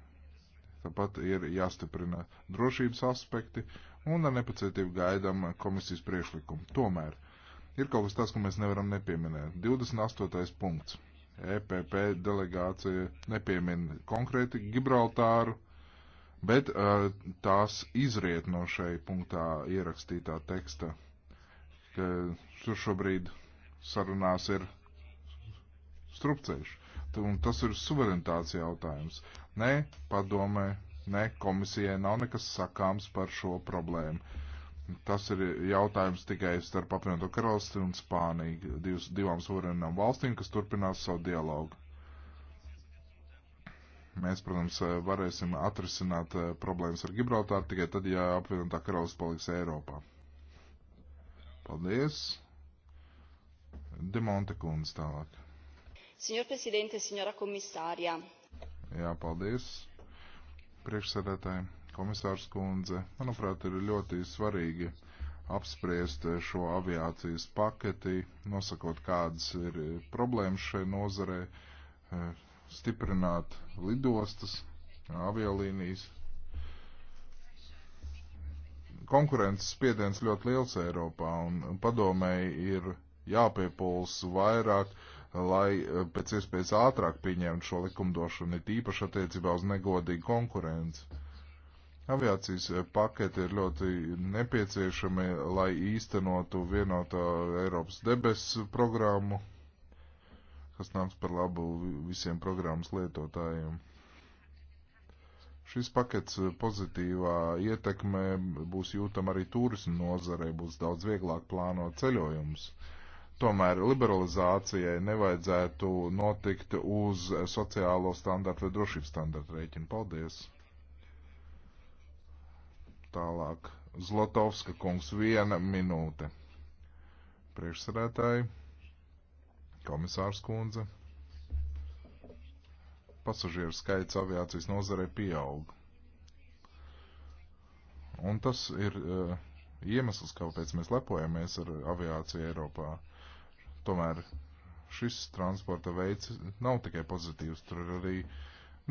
Tāpat ir jāstiprina drošības aspekti un ar nepacietību gaidām komisijas priešlikumu. Tomēr ir kaut kas tāds, ko mēs nevaram nepieminēt. 28. punkts. EPP delegācija nepiemin konkrēti Gibraltāru, bet uh, tās izriet no šai punktā ierakstītā teksta, ka tur šobrīd sarunās ir strupceļš. Un tas ir suverenitāts jautājums. Ne padomē, ne komisijai nav nekas sakāms par šo problēmu. Tas ir jautājums tikai starp apvienoto karalisti un Spāniju, divām suverenām valstīm, kas turpinās savu dialogu. Mēs, protams, eh, varēsim atrisināt eh, problēmas ar Gibraltāru tikai tad, ja apvienotā karalists paliks Eiropā. Paldies! Demonte kundze tālāk. Signor Presidente, signora komisārija. Jā, paldies. Priekšsēdētāji, komisārs kundze, manuprāt, ir ļoti svarīgi apspriest eh, šo aviācijas paketi, nosakot, kādas ir problēmas šai nozarei, stiprināt lidostas, aviolīnijas. Konkurences spiediens ļoti liels Eiropā un padomēji ir jāpiepuls vairāk, lai eh, pēc iespējas ātrāk pieņemtu šo likumdošanu, it īpaši attiecībā uz negodīgu konkurenci. Aviācijas eh, paketi ir ļoti nepieciešami, lai īstenotu vienotā Eiropas debesu programmu kas nāks par labu visiem programmas lietotājiem. Šis pakets pozitīvā ietekme būs jūtama arī turismu nozarei, būs daudz vieglāk plānot ceļojumus. Tomēr liberalizācijai nevajadzētu notikt uz sociālo standartu vai drošības standartu rēķinu. Paldies! Tālāk. Zlotovska kungs viena minūte. Priekšsarētāji. Komisārs kundze. Pasažieru skaits aviācijas nozarē pieaug. Un tas ir uh, iemesls, kāpēc mēs lepojamies ar aviāciju Eiropā. Tomēr šis transporta veids nav tikai pozitīvs, tur ir arī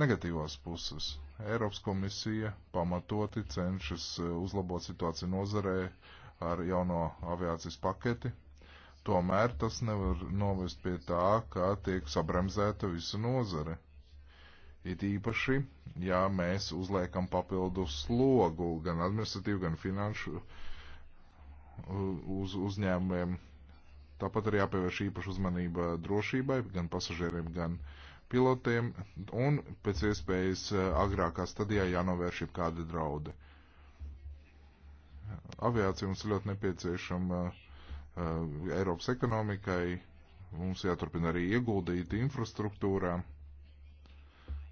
negatīvās puses. Eiropas komisija pamatoti cenšas eh, uzlabot situāciju nozarē ar jauno aviācijas paketi, Tomēr tas nevar novest pie tā, ka tiek sabremzēta visa nozare. It īpaši, ja mēs uzliekam papildu slogu gan administratīvu, gan finanšu uh, uz uzņēmumiem. Tāpat arī jāpievērš īpaša uzmanība drošībai, gan pasažieriem, gan pilotiem, un pēc iespējas uh, agrākā stadijā jānovērš jau kāda drauda. Aviācija mums ir ļoti nepieciešama uh, Eh, Eiropas ekonomikai. Mums jāturpina arī ieguldīt infrastruktūrā.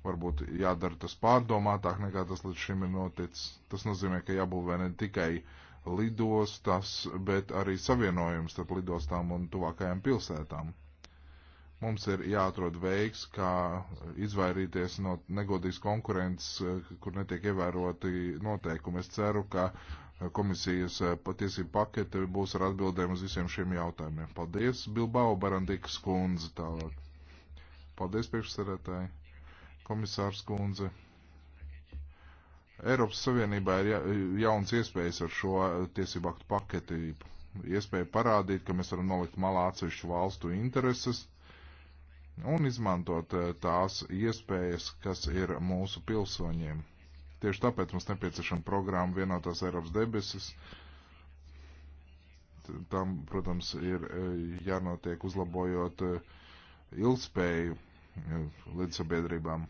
Varbūt jādara tas pārdomātāk nekā tas līdz šim ir noticis. Tas nozīmē, ka jābūvē ne tikai lidostas, bet arī savienojums starp lidostām un tuvākajām pilsētām mums ir jāatrod veids, kā izvairīties no negodīgas konkurences, eh, kur netiek ievēroti noteikumi. Es ceru, ka komisijas eh, tiesību pakete būs ar atbildēm uz visiem šiem jautājumiem. Paldies, Bilbao Barandikas kundze tālāk. Paldies, priekšsarētāji, komisārs kundze. Eiropas Savienībā ir ja, jauns iespējas ar šo eh, tiesību aktu paketi. Iespēja parādīt, ka mēs varam nolikt malā atsevišķu valstu intereses un izmantot eh, tās iespējas, kas ir mūsu pilsoņiem. Tieši tāpēc mums nepieciešama programma vienotās Eiropas debesis. Tam, protams, ir e, jānotiek uzlabojot e, ilgspēju e, līdz sabiedrībām.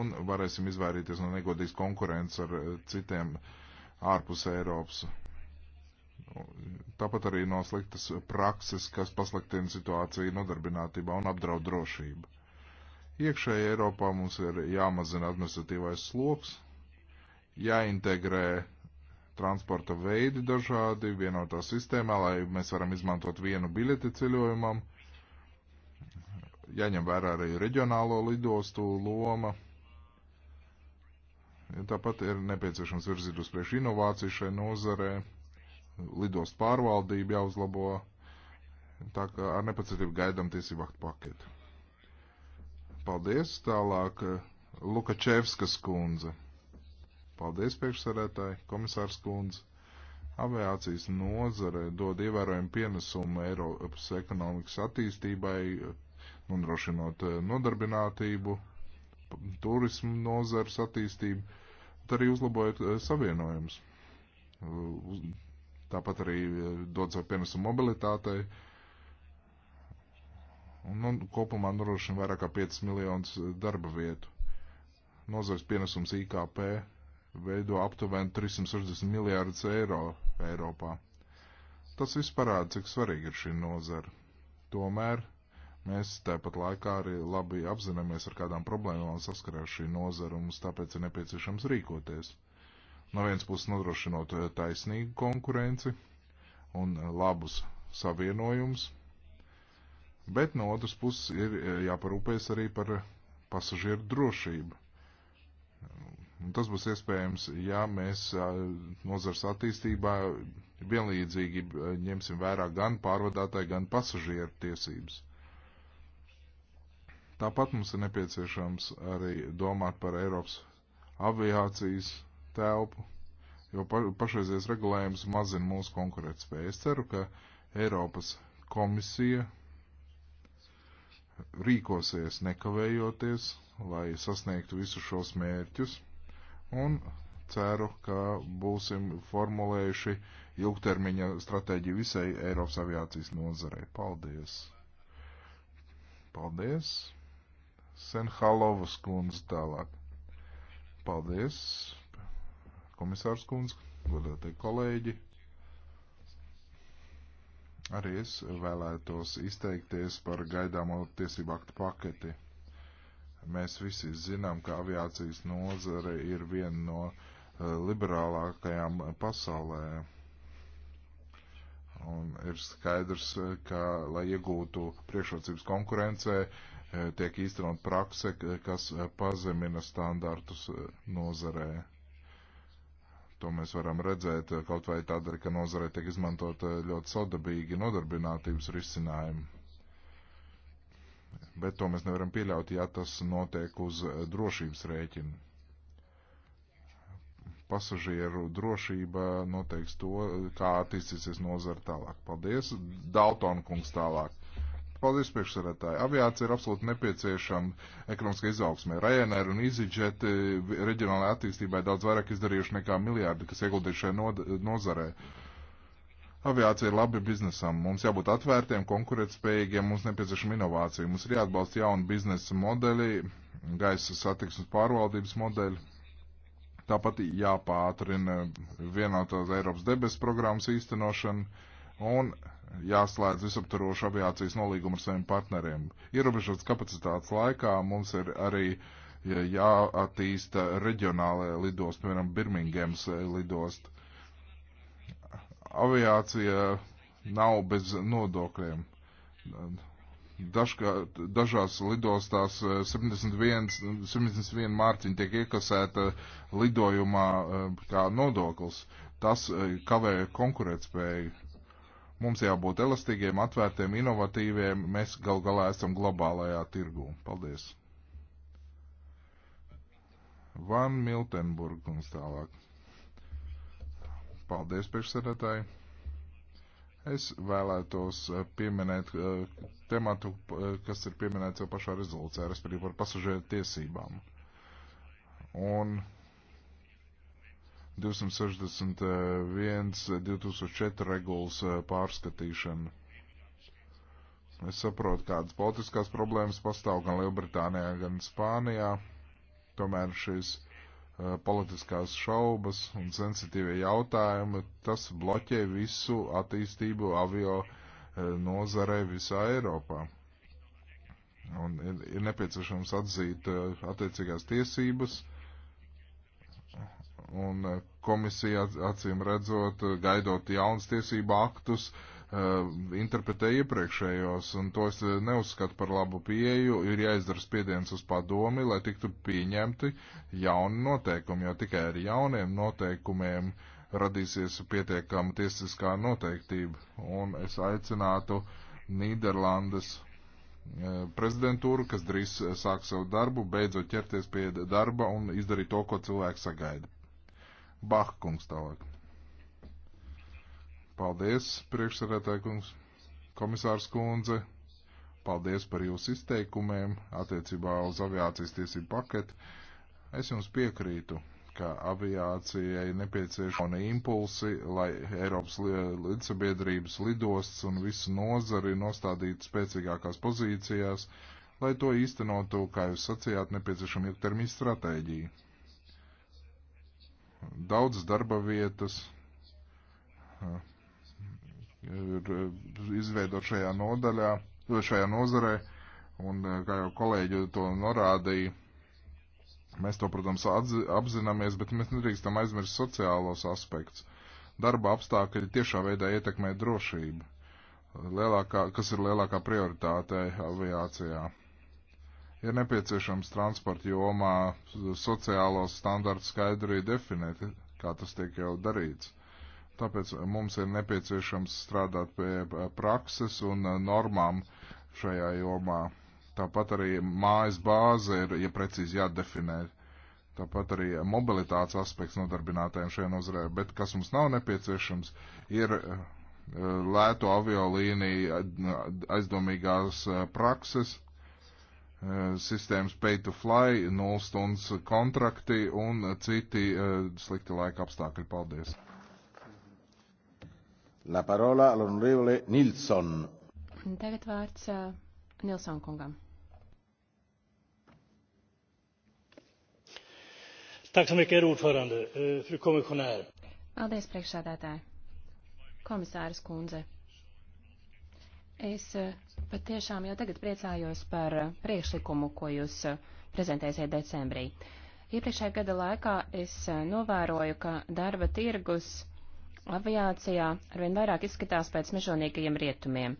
Un varēsim izvairīties no negodīgas konkurences ar citiem ārpus Eiropas. Tāpat arī no sliktas prakses, kas pasliktina situāciju nodarbinātībā un apdraud drošību. Iekšēji Eiropā mums ir jāmazina administratīvais sloks, jāintegrē transporta veidi dažādi vienotā sistēmā, lai mēs varam izmantot vienu biļeti ceļojumam, jāņem vērā arī reģionālo lidostu loma. Tāpat ir nepieciešams virzīt uz priekšu inovāciju šai nozarē, lidostu pārvaldību jāuzlabo, tā kā ar nepacietību gaidām tiesību aktu paketu. Paldies. Tālāk eh, Lukačevskas kundze. Paldies, priekšsarētāji, komisārs kundze. Aviācijas nozare dod ievērojumu pienesumu Eiropas ekonomikas attīstībai, eh, nodrošinot eh, nodarbinātību, turismu nozares attīstību, bet arī uzlabojot savienojumus. Tāpat arī dod savu pienesumu mobilitātei un nu, kopumā norošina vairāk kā 5 miljonus eh, darba vietu. Nozars pienesums IKP veido aptuveni 360 miljārdus eiro Eiropā. Tas viss parāda, cik svarīga ir šī nozara. Tomēr mēs tāpat laikā arī labi apzināmies, ar kādām problēmām saskarās šī nozara, un mums tāpēc ir nepieciešams rīkoties. No vienas puses nodrošinot eh, taisnīgu konkurenci un eh, labus savienojumus Bet no otras puses ir eh, jāparūpēs arī par pasažieru drošību. Un tas būs iespējams, ja mēs eh, nozars attīstībā vienlīdzīgi eh, ņemsim vērā gan pārvadātāju, gan pasažieru tiesības. Tāpat mums ir nepieciešams arī domāt par Eiropas aviācijas telpu, jo pašreizies regulējums mazina mūsu konkurētspēju. Es ceru, ka Eiropas komisija rīkosies nekavējoties, lai sasniegtu visus šos mērķus, un ceru, ka būsim formulējuši ilgtermiņa stratēģiju visai Eiropas aviācijas nozarei. Paldies! Paldies! Senhalovas kundze tālāk. Paldies, komisārs kundze, godātie kolēģi! Arī es vēlētos izteikties par gaidāmo tiesību aktu paketi. Mēs visi zinām, ka aviācijas nozare ir viena no eh, liberālākajām pasaulē. Un ir skaidrs, ka, lai iegūtu priekšrocības konkurencē, eh, tiek īstenot prakse, kas eh, pazemina standartus nozarē. To mēs varam redzēt kaut vai tādēļ, ka nozarē tiek izmantot eh, ļoti sodabīgi nodarbinātības risinājumi. Bet to mēs nevaram pieļaut, ja tas notiek uz eh, drošības rēķina. Pasažieru drošība noteiks to, kā attīstīsies nozara tālāk. Paldies, Dalton kungs tālāk. Paldies, priekšsarētāji. Aviācija ir absolūti nepieciešama ekonomiskai izaugsmē. Ryanair un EasyJet eh, reģionālajā attīstībai daudz vairāk izdarījuši nekā miljārdi, kas ieguldījuši šajā no, nozarē. Aviācija ir labi biznesam. Mums jābūt atvērtiem, konkurētspējīgiem, mums nepieciešama inovācija. Mums ir jāatbalsta jauni biznesa modeļi, gaisa satiksmes pārvaldības modeļi. Tāpat jāpātrina vienotās Eiropas debesu programmas īstenošana un jāslēdz visaptvarošu aviācijas nolīgumu ar saviem partneriem. Ierobežotas kapacitātes laikā mums ir arī jāattīsta reģionālajā lidost, piemēram, Birmingems eh, lidost. Aviācija nav bez nodokļiem. Dažkā, dažās lidostās 71, eh, 71 mārciņa tiek iekasēta lidojumā eh, kā nodoklis. Tas kavē konkurētspēju Mums jābūt elastīgiem, atvērtiem, inovatīviem. Mēs gal galā esam globālajā tirgū. Paldies! Van Miltenburg un tālāk. Paldies, priekšsēdētāji! Es vēlētos eh, pieminēt uh, tematu, eh, kas ir pieminēts jau pašā rezolūcijā, respektīvi par pasažieru tiesībām. Un 261, 2004 regulas eh, pārskatīšana. Es saprotu, kādas politiskās problēmas pastāv gan Lielbritānijā, gan Spānijā. Tomēr šīs uh, politiskās šaubas un sensitīvie jautājumi, tas bloķē visu attīstību avio uh, nozarē visā Eiropā. Un ir, ir nepieciešams atzīt uh, attiecīgās tiesības Un eh, komisija acīm redzot, gaidot jaunas tiesību aktus, eh, interpretē iepriekšējos, un to es eh, neuzskatu par labu pieeju, ir jāizdara spiediens uz padomi, lai tiktu pieņemti jauni noteikumi, jo tikai ar jauniem noteikumiem radīsies pietiekama tiesiskā noteiktība. Un es aicinātu Nīderlandes prezidentūru, kas drīz sāk savu darbu, beidzot ķerties pie darba un izdarīt to, ko cilvēks sagaida. Bahkungs tālāk. Paldies, priekšsarētāji kungs, komisārs kundze. Paldies par jūsu izteikumiem attiecībā uz aviācijas tiesību paketu. Es jums piekrītu, ka aviācijai nepieciešama impulsi, lai Eiropas līdzsabiedrības lidostas un visu nozari nostādītu spēcīgākās pozīcijās, lai to īstenotu, kā jūs sacījāt, nepieciešama ilgtermiņa stratēģija daudzas darba vietas ir izveidot šajā nodaļā, šajā nozarē, un kā jau kolēģi to norādīja, mēs to, protams, apzināmies, bet mēs nedrīkstam aizmirst sociālos aspektus. Darba apstākļi tiešā veidā ietekmē drošību, lielākā, kas ir lielākā prioritāte aviācijā ir nepieciešams transporta jomā sociālos standartus skaidri definēt, kā tas tiek jau darīts. Tāpēc mums ir nepieciešams strādāt pie prakses un normām šajā jomā. Tāpat arī mājas bāze ir, ja precīzi jādefinē. Tāpat arī mobilitātes aspekts nodarbinātājiem šajā nozarē, bet kas mums nav nepieciešams, ir eh, lēto aviolīniju aizdomīgās prakses, Eh, sistēmas pay to fly, 0 stundas kontrakti un citi eh, slikti laika apstākļi. Paldies! La parola all'onorevole Nilsson. Tagad vārds uh, Nilsson kungam. Tack så mycket, herr ordförande. Fru kommissionär. Paldies, priekšsādātāji. Komisāras kundze. Es uh, Pat tiešām jau tagad priecājos par priekšlikumu, ko jūs prezentēsiet decembrī. Iepriekšējā gada laikā es novēroju, ka darba tirgus aviācijā arvien vairāk izskatās pēc mežonīgajiem rietumiem.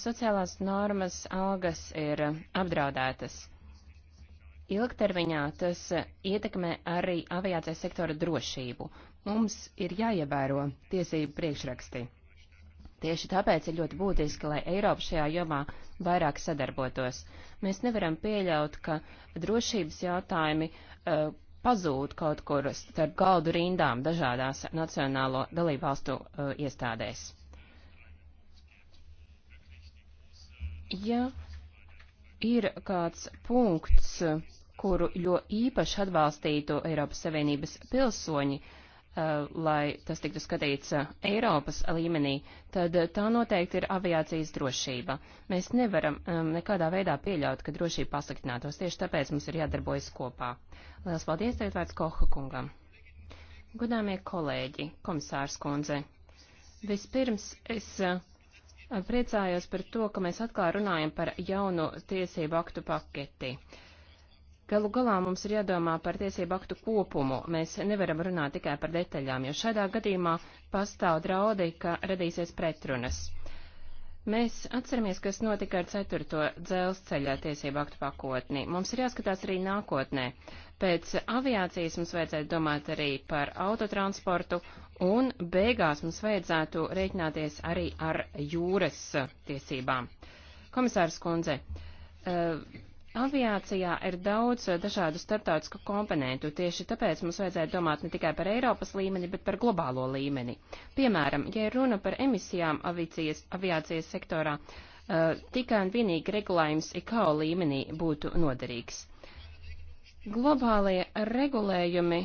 Sociālās normas algas ir apdraudētas. Ilgtermiņā tas ietekmē arī aviācijas sektora drošību. Mums ir jāievēro tiesību priekšraksti. Tieši tāpēc ir ļoti būtiski, lai Eiropa šajā jomā vairāk sadarbotos. Mēs nevaram pieļaut, ka drošības jautājumi uh, pazūd kaut kur starp galdu rindām dažādās nacionālo dalībvalstu uh, iestādēs. Ja ir kāds punkts, kuru jo īpaši atbalstītu Eiropas Savienības pilsoņi, uh, Uh, lai tas tiktu skatīts uh, Eiropas līmenī, tad uh, tā noteikti ir aviācijas drošība. Mēs nevaram um, nekādā veidā pieļaut, ka drošība pasliktinātos. Tieši tāpēc mums ir jādarbojas kopā. Lielas paldies, tagad vārds Koha kungam. Godāmie kolēģi, komisārs kundze. Vispirms es uh, priecājos par to, ka mēs atkal runājam par jaunu tiesību aktu paketi. Uh, Galu galā mums ir jādomā par tiesību aktu kopumu. Mēs nevaram runāt tikai par detaļām, jo šādā gadījumā pastāv draudi, ka radīsies pretrunas. Mēs atceramies, kas notika ar ceturto dzelzceļa tiesību aktu pakotni. Mums ir jāskatās arī nākotnē. Pēc aviācijas mums vajadzētu domāt arī par autotransportu, un beigās mums vajadzētu rēķināties arī ar jūras tiesībām. Komisārs Kundze, uh, eh, Aviācijā ir daudz eh, dažādu starptautisku komponentu, tieši tāpēc mums vajadzētu domāt ne tikai par Eiropas līmeni, bet par globālo līmeni. Piemēram, ja runa par emisijām avīcijas, aviācijas sektorā, uh, tikai un vienīgi regulējums ICAO līmenī būtu noderīgs. Globālie regulējumi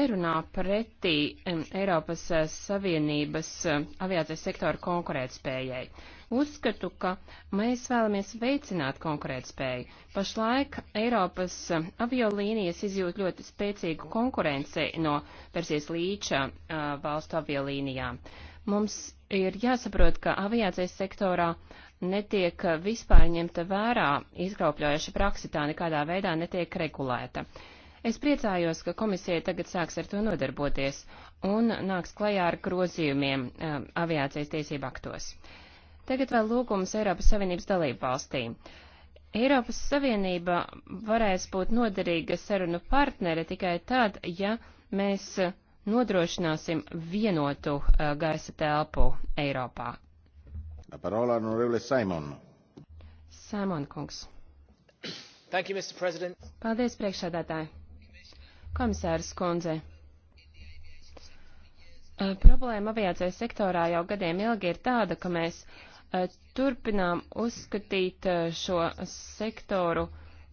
nerunā pretī um, Eiropas uh, Savienības uh, aviācijas sektora konkurētspējai. Uh, Uzskatu, ka mēs vēlamies veicināt konkurētspēju. Pašlaik Eiropas aviolīnijas izjūt ļoti spēcīgu konkurenci no Persijas līča valstu aviolīnijām. Mums ir jāsaprot, ka aviācijas sektorā netiek vispār ņemta vērā izkraupļojoša praksi, tā nekādā veidā netiek regulēta. Es priecājos, ka komisija tagad sāks ar to nodarboties un nāks klajā ar grozījumiem um, aviācijas tiesību aktos. Tagad vēl lūgums Eiropas Savienības dalību valstīm. Eiropas Savienība varēs būt noderīga sarunu partnere tikai tad, ja mēs eh, nodrošināsim vienotu uh, gaisa telpu Eiropā. La parola onorevole Simon. Simon kungs. Thank you, Mr. President. Paldies, priekšsādātāji. Komisārs kundze. Uh, problēma aviācijas sektorā jau gadiem ilgi ir tāda, ka mēs Eh, turpinām uzskatīt eh, šo sektoru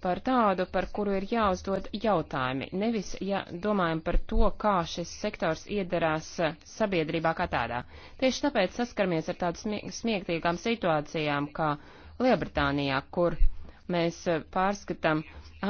par tādu, par kuru ir jāuzdod jautājumi, nevis ja domājam par to, kā šis sektors iederās eh, sabiedrībā kā tādā. Tieši tāpēc saskaramies ar tādu smiegtīgām situācijām, kā Lielbritānijā, kur mēs pārskatām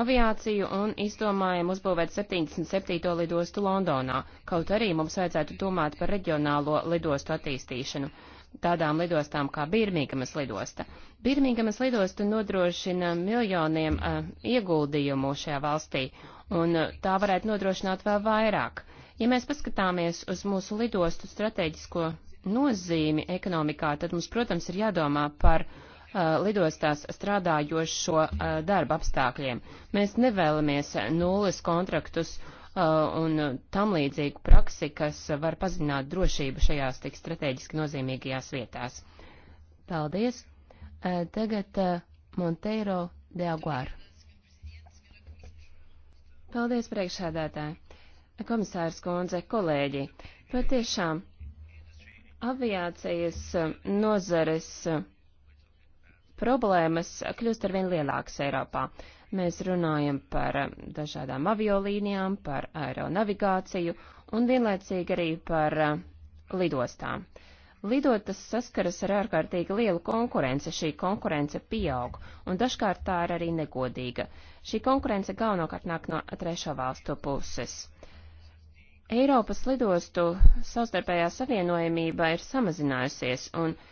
aviāciju un izdomājam uzbūvēt 77. lidostu Londonā, kaut arī mums vajadzētu domāt par reģionālo lidostu attīstīšanu tādām lidostām kā Birmingamas lidosta. Birmingamas lidosta nodrošina miljoniem uh, ieguldījumu šajā valstī, un uh, tā varētu nodrošināt vēl vairāk. Ja mēs paskatāmies uz mūsu lidostu strateģisko nozīmi ekonomikā, tad mums, protams, ir jādomā par uh, lidostās strādājošo darba apstākļiem. Mēs nevēlamies nulles kontraktus uh, Uh, un tam līdzīgu praksi, kas var pazināt drošību šajās tik strateģiski nozīmīgajās vietās. Paldies! Uh, tagad uh, Monteiro de Aguar. Paldies, priekšsēdētāji! Komisārs Kondze, kolēģi! Patiešām aviācijas nozares problēmas kļūst arvien lielākas Eiropā. Mēs runājam par eh, dažādām aviolīnijām, par aeronavigāciju un vienlaicīgi arī par eh, lidostām. Lidotas saskaras ar ārkārtīgi lielu konkurenci, šī konkurence pieaug, un dažkārt tā ir arī negodīga. Šī konkurence galvenokārt nāk no trešo valstu puses. Eiropas lidostu savstarpējā savienojamība ir samazinājusies, un uh,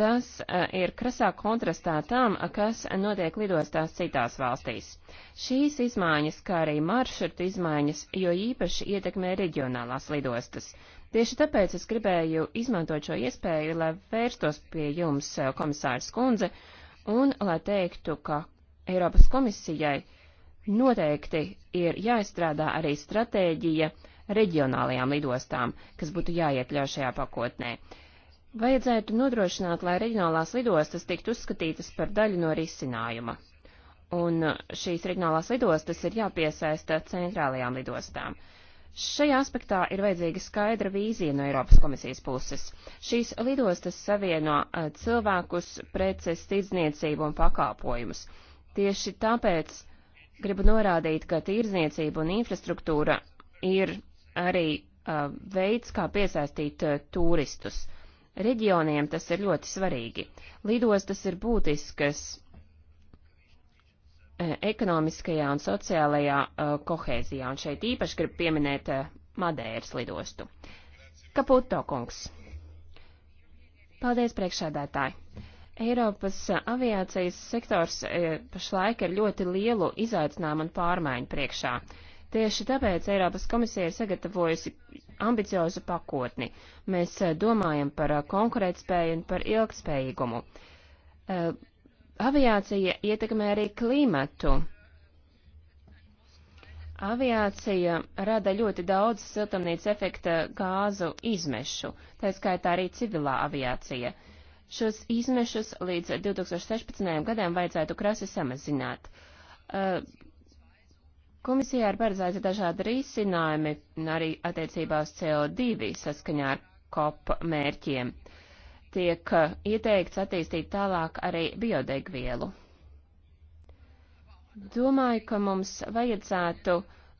Tas e, ir krasā kontrastā tam, kas notiek lidostās citās valstīs. Šīs izmaiņas, kā arī maršrutu izmaiņas, jo īpaši ietekmē reģionālās lidostas. Tieši tāpēc es gribēju izmantot šo iespēju, lai vērstos pie jums, e, komisārs Kundze, un lai teiktu, ka Eiropas komisijai noteikti ir jāizstrādā arī stratēģija reģionālajām lidostām, kas būtu jāiekļauj šajā pakotnē. Vajadzētu nodrošināt, lai reģionālās lidostas tiktu uzskatītas par daļu no risinājuma. Un uh, šīs reģionālās lidostas ir jāpiesaista centrālajām lidostām. Šajā aspektā ir vajadzīga skaidra vīzija no Eiropas komisijas puses. Šīs lidostas savieno uh, cilvēkus, preces, tirdzniecību un pakāpojumus. Tieši tāpēc gribu norādīt, ka tirdzniecība un infrastruktūra ir arī uh, veids, kā piesaistīt uh, turistus. Uh, Reģioniem tas ir ļoti svarīgi. Lidostas ir būtiskas e, ekonomiskajā un sociālajā uh, kohēzijā, un šeit īpaši gribu pieminēt uh, e, Madēras lidostu. Kaputo kungs. Paldies, priekšādātāji. Eiropas aviācijas sektors uh, pašlaik ir ļoti lielu izaicinājumu un pārmaiņu priekšā. Tieši tāpēc Eiropas komisija ir sagatavojusi ambiciozu pakotni. Mēs eh, domājam par eh, konkurētspēju un par ilgspējīgumu. Eh, aviācija ietekmē arī klimatu. Aviācija rada ļoti daudz siltumnīca efekta gāzu izmešu, tā skaitā arī civilā aviācija. Šos izmešus līdz 2016. gadam vajadzētu krasi samazināt. Uh, Komisijā ir paredzēti dažādi risinājumi arī attiecībā uz CO2 saskaņā ar COP mērķiem. Tiek uh, ieteikts attīstīt tālāk arī biodegvielu. Domāju, ka mums vajadzētu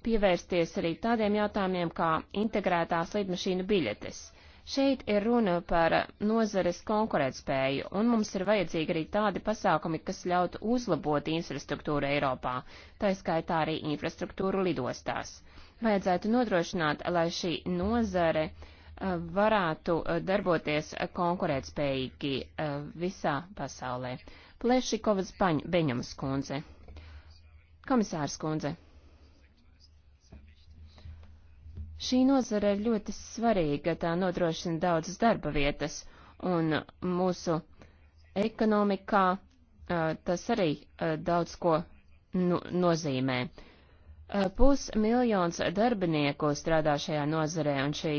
pievērsties arī tādiem jautājumiem kā integrētās lidmašīnu biļetes. Šeit ir runa par nozares konkurētspēju, un mums ir vajadzīgi arī tādi pasākumi, kas ļautu uzlabot infrastruktūru Eiropā, tā skaitā arī infrastruktūru lidostās. Vajadzētu nodrošināt, lai šī nozare eh, varētu eh, darboties konkurētspējīgi eh, visā pasaulē. Plešikovas Beņamas kundze. Komisārs kundze. Šī nozara ir ļoti svarīga, tā nodrošina daudzas darba vietas, un mūsu ekonomikā tas arī daudz ko nu, nozīmē. Pusmiljons darbinieku strādā šajā nozarē, un šī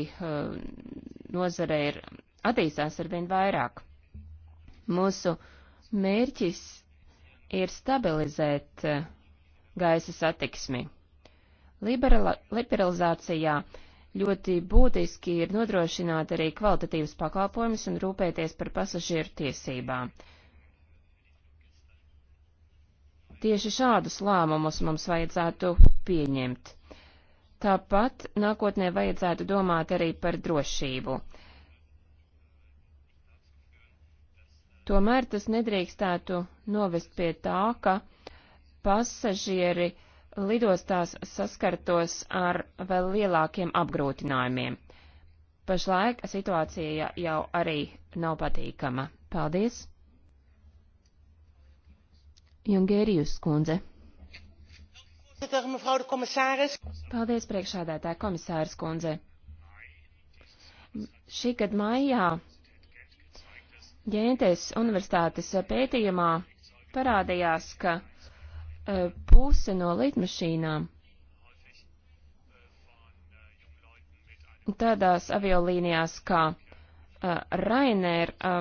nozare ir attīstās arvien vairāk. Mūsu mērķis ir stabilizēt gaisa satiksmi. Liberala, liberalizācijā ļoti būtiski ir nodrošināt arī kvalitatīvas pakalpojumus un rūpēties par pasažieru tiesībām. Tieši šādus lēmumus mums vajadzētu pieņemt. Tāpat nākotnē vajadzētu domāt arī par drošību. Tomēr tas nedrīkstētu novest pie tā, ka pasažieri lidostās saskartos ar vēl lielākiem apgrūtinājumiem. Pašlaik situācija jau arī nav patīkama. Paldies! Jungērijus kundze. Paldies, priekšādētāja komisāras kundze. Šī gada maijā Ģēntes universitātes pētījumā parādījās, ka Eh, puse no lidmašīnām. Tādās aviolīnijās kā eh, Rainer eh,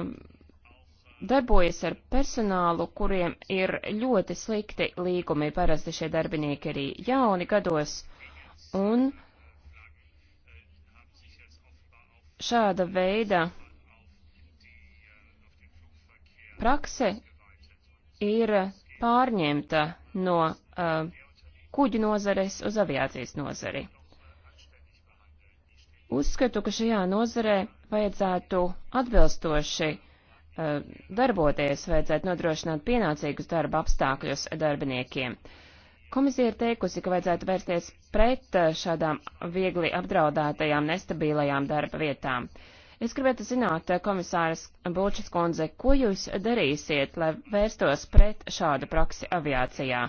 darbojas ar personālu, kuriem ir ļoti slikti līgumi. Parasti šie darbinieki arī jauni gados. Un šāda veida prakse ir pārņemta no uh, kuģu nozares uz aviācijas nozari. Uzskatu, ka šajā nozarē vajadzētu atbilstoši uh, darboties, vajadzētu nodrošināt pienācīgus darba apstākļus darbiniekiem. Komisija ir teikusi, ka vajadzētu vērsties pret uh, šādām viegli apdraudētajām nestabilajām darba vietām. Uh, Es gribētu zināt, eh, komisāras Bulčas kundze, ko jūs darīsiet, lai vērstos pret šādu praksi aviācijā?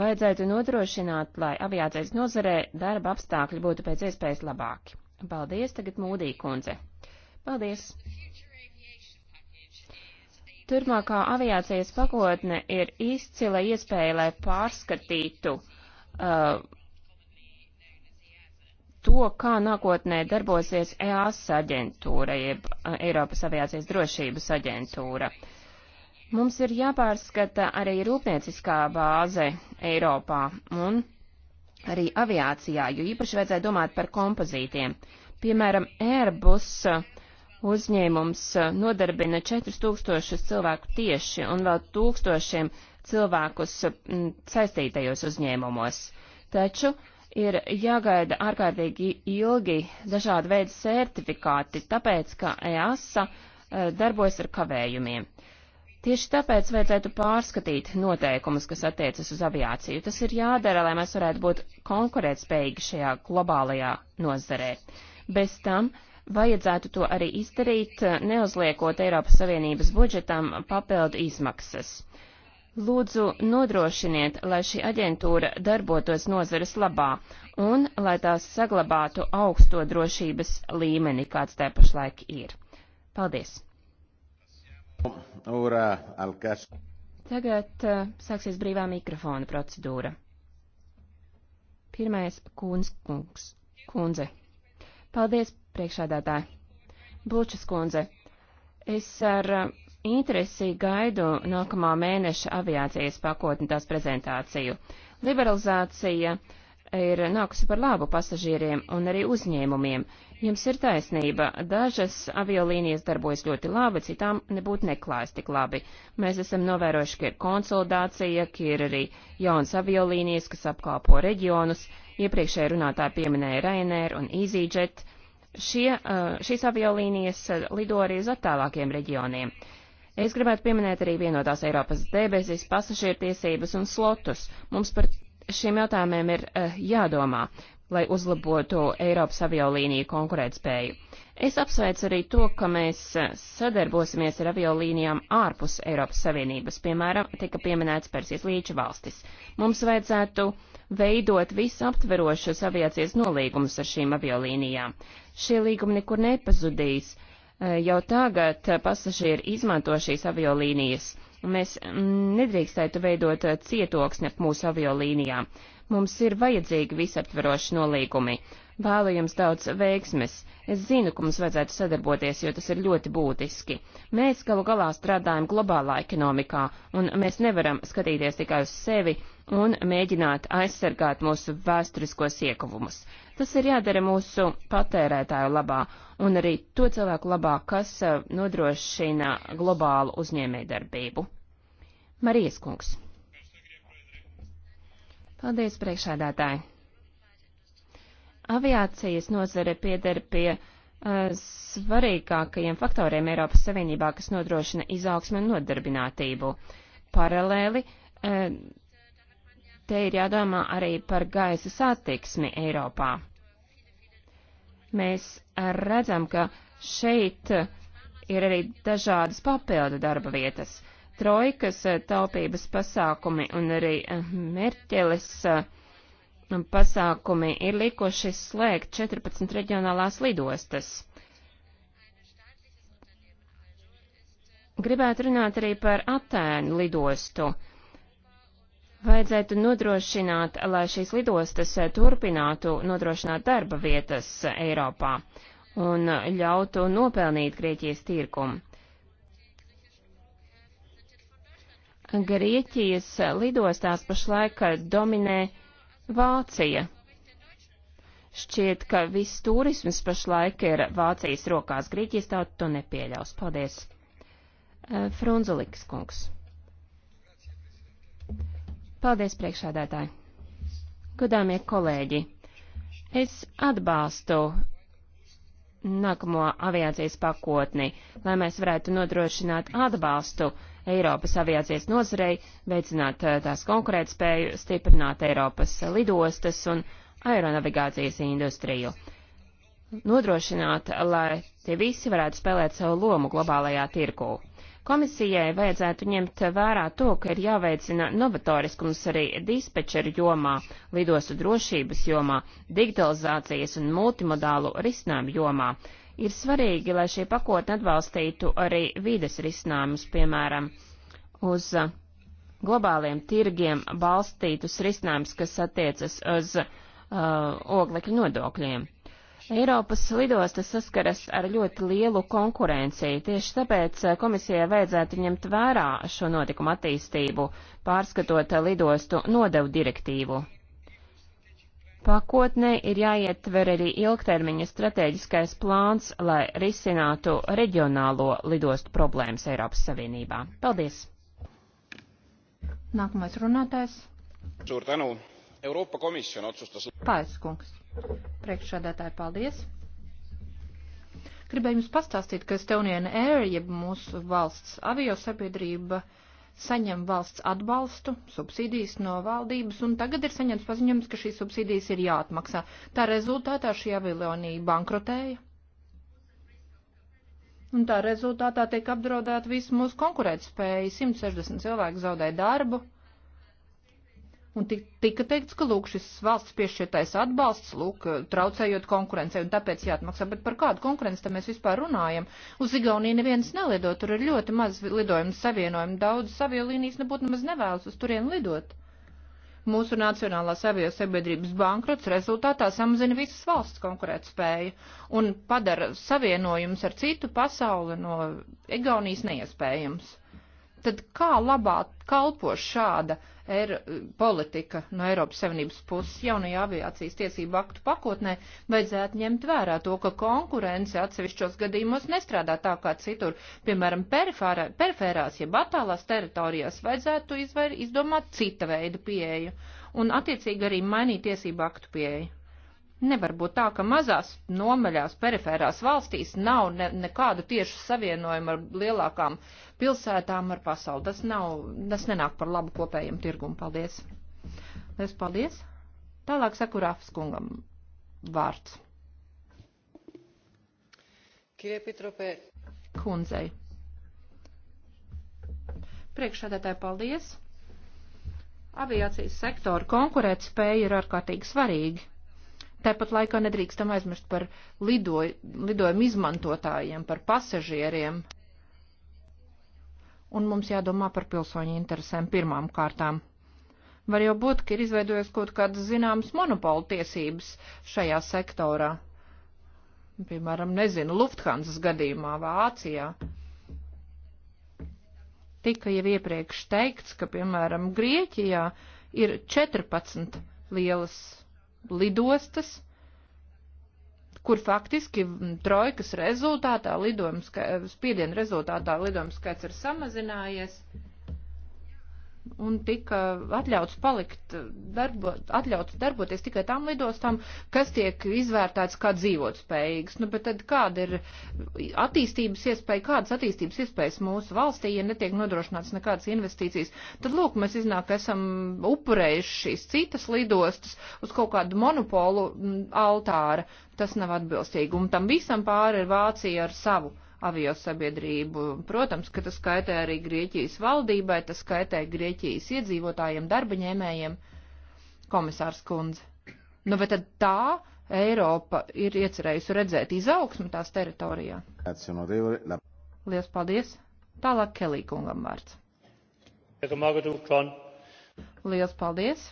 Vajadzētu nodrošināt, lai aviācijas nozarē darba apstākļi būtu pēc iespējas labāki. Paldies, tagad Mūdī kundze. Paldies! Turmākā aviācijas pakotne ir izcila iespēja, lai pārskatītu uh, to, kā nākotnē darbosies EASA aģentūra, jeb Eiropas aviācijas drošības aģentūra. Mums ir jāpārskata arī rūpnieciskā bāze Eiropā un arī aviācijā, jo īpaši vajadzēja domāt par kompozītiem. Piemēram, Airbus uzņēmums nodarbina 4000 cilvēku tieši un vēl tūkstošiem cilvēkus m, saistītajos uzņēmumos. Taču ir jāgaida ārkārtīgi ilgi dažādi veidi certifikāti, tāpēc, ka EASA e, darbojas ar kavējumiem. Tieši tāpēc vajadzētu pārskatīt noteikumus, kas attiecas uz aviāciju. Tas ir jādara, lai mēs varētu būt konkurētspējīgi šajā globālajā nozarē. Bez tam vajadzētu to arī izdarīt, neuzliekot Eiropas Savienības budžetam papildu izmaksas. Uh, Lūdzu, nodrošiniet, lai šī aģentūra darbotos nozares labā un lai tās saglabātu augsto drošības līmeni, kāds tā pašlaik ir. Paldies! Tagad uh, sāksies brīvā mikrofona procedūra. Pirmais kundz, kungs, kundze. Paldies, priekšādātāji. Bulčas kundze. Es ar uh, interesi gaidu nākamā mēneša aviācijas pakotni tās prezentāciju. Liberalizācija ir nākusi par labu pasažieriem un arī uzņēmumiem. Jums ir taisnība, dažas aviolīnijas darbojas ļoti labi, citām nebūtu neklājas tik labi. Mēs esam novērojuši, ka ir konsolidācija, ka ir arī jauns aviolīnijas, kas apkalpo reģionus. Iepriekšēji runātāji pieminēja Rainer un EasyJet šie, uh, šīs aviolīnijas uh, lido arī uz attālākiem reģioniem. Es gribētu pieminēt arī vienotās Eiropas debesis, pasažiertiesības un slotus. Mums par šiem jautājumiem ir uh, jādomā, lai uzlabotu Eiropas aviolīniju konkurētspēju. Es apsveicu arī to, ka mēs eh, sadarbosimies ar aviolīnijām ārpus Eiropas Savienības, piemēram, tika pieminēts Persijas līča valstis. Mums vajadzētu veidot visaptverošus aviācijas nolīgumus ar šīm aviolīnijām. Šie līgumi nekur nepazudīs Eh, jau tagad eh, pasažieri izmanto šīs aviolīnijas. Mēs mm, nedrīkstētu veidot eh, cietoksni ap mūsu aviolīnijām. Mums ir vajadzīgi visaptveroši nolīgumi. Vēlu jums daudz veiksmes. Es zinu, ka mums vajadzētu sadarboties, jo tas ir ļoti būtiski. Mēs galu galā strādājam globālā ekonomikā, un mēs nevaram skatīties tikai uz sevi, un mēģināt aizsargāt mūsu vēsturiskos iekavumus. Tas ir jādara mūsu patērētāju labā un arī to cilvēku labā, kas eh, nodrošina globālu uzņēmējdarbību. Marijas kungs. Paldies, priekšādātāji. Aviācijas nozare pieder pie uh, svarīgākajiem faktoriem Eiropas Savienībā, kas nodrošina izaugsmu un nodarbinātību. Paralēli uh, Te ir jādomā arī par gaisa satiksmi Eiropā. Mēs redzam, ka šeit ir arī dažādas papildu darba vietas. Trojkas eh, taupības pasākumi un arī eh, Merķeles eh, pasākumi ir likuši slēgt 14 reģionālās lidostas. Gribētu runāt arī par Atēnu lidostu. Vajadzētu nodrošināt, lai šīs lidostas turpinātu nodrošināt darba vietas Eiropā un ļautu nopelnīt Grieķijas tirkumu. Grieķijas lidostās pašlaik dominē Vācija. Šķiet, ka viss turisms pašlaik ir Vācijas rokās. Grieķijas tauta to nepieļaus. Paldies. Eh, Frunzulikas kungs. Paldies, priekšādātāji! Godāmie kolēģi! Es atbalstu nākamo aviācijas pakotni, lai mēs varētu nodrošināt atbalstu Eiropas aviācijas nozarei, veicināt eh, tās konkurētspēju, stiprināt Eiropas lidostas un aeronavigācijas industriju. Nodrošināt, lai tie visi varētu spēlēt savu lomu globālajā tirgū. Komisijai vajadzētu ņemt vērā to, ka ir jāveicina novatoriskums arī dispečeru jomā, lidostu drošības jomā, digitalizācijas un multimodālu risinājumu jomā. Ir svarīgi, lai šī pakotne atbalstītu arī vides risinājumus, piemēram, uz globāliem tirgiem balstītus risinājumus, kas attiecas uz uh, oglekļu nodokļiem. Eiropas lidostas saskaras ar ļoti lielu konkurenciju, tieši tāpēc eh, komisijai vajadzētu ņemt vērā šo notikumu attīstību, pārskatot lidostu nodevu direktīvu. Pakotnē ir jāietver arī ilgtermiņa strateģiskais plāns, lai risinātu reģionālo lidostu problēmas Eiropas Savienībā. Paldies! Nākamais runātājs. Sūr tanu. Euroopa Komisjon otsustas. Paets kungs. Priekšsēdētāji, paldies. Gribēju jums pastāstīt, ka Estonian Air, jeb mūsu valsts aviosabiedrība, saņem valsts atbalstu, subsīdijas no valdības, un tagad ir saņemts paziņojums, ka šīs subsīdijas ir jāatmaksā. Tā rezultātā šī avilionija bankrotēja. Un tā rezultātā tiek apdraudēta visu mūsu konkurētspēju. 160 cilvēki zaudēja darbu. Un tika teikts, ka lūk, šis valsts piešķirtais atbalsts, lūk, traucējot konkurencei, un tāpēc jāatmaksā. Bet par kādu konkurenci tam mēs vispār runājam? Uz Igauniju neviens nelido, tur ir ļoti maz lidojumu savienojumu, daudz aviolīnijas nebūtu nemaz nevēlas uz turien lidot. Mūsu Nacionālās aviosabiedrības bankrots rezultātā samazina visas valsts konkurētspēju un padara savienojumus ar citu pasauli no Igaunijas neiespējams tad kā labāk kalpo šāda er, politika no Eiropas Savienības puses jaunajā aviācijas tiesību aktu pakotnē, vajadzētu ņemt vērā to, ka konkurence atsevišķos gadījumos nestrādā tā kā citur. Piemēram, perifērās, ja batālās teritorijās vajadzētu izvair, izdomāt cita veida pieeju un attiecīgi arī mainīt tiesību aktu pieeju. Nevar būt tā, ka mazās nomaļās perifērās valstīs nav ne, nekādu tiešu savienojumu ar lielākām pilsētām ar pasauli. Tas nav, tas nenāk par labu kopējiem tirgumu. Paldies! Lies paldies! Tālāk saku Rāfas kungam vārds. Kirie Pitropē. Kundzei. Priekšādātāji, paldies! Aviācijas sektora konkurētspēja ir ārkārtīgi svarīga. Tāpat laikā nedrīkstam aizmirst par lido, lidojumu izmantotājiem, par pasažieriem, un mums jādomā par pilsoņu interesēm pirmām kārtām. Var jau būt, ka ir izveidojies kaut kādas zināmas monopolu tiesības šajā sektorā. Piemēram, nezinu, Lufthansas gadījumā Vācijā. Tika jau iepriekš teikts, ka, piemēram, Grieķijā ir 14 lielas lidostas, kur faktiski trojkas rezultātā lidojums, spiediena rezultātā lidojums skaits ir samazinājies. Uh, un tika atļauts palikt, darbo, atļauts darboties tikai tām lidostām, kas tiek izvērtēts kā dzīvotspējīgs. Nu, bet tad kāda ir attīstības iespēja, kādas attīstības iespējas mūsu valstī, ja netiek nodrošināts nekādas investīcijas? Tad, lūk, mēs iznāk, esam upurējuši šīs citas lidostas uz kaut kādu monopolu mm, altāra. Tas nav atbilstīgi, un tam visam pāri ir Vācija ar savu aviosabiedrību. Protams, ka tas kaitē arī Grieķijas valdībai, tas kaitē Grieķijas iedzīvotājiem, darbaņēmējiem, komisārs kundze. Nu, bet tad tā Eiropa ir iecerējusi redzēt izaugsmu tās teritorijā. Lielas paldies! Tālāk Kelī kungam vārds. Lielas paldies!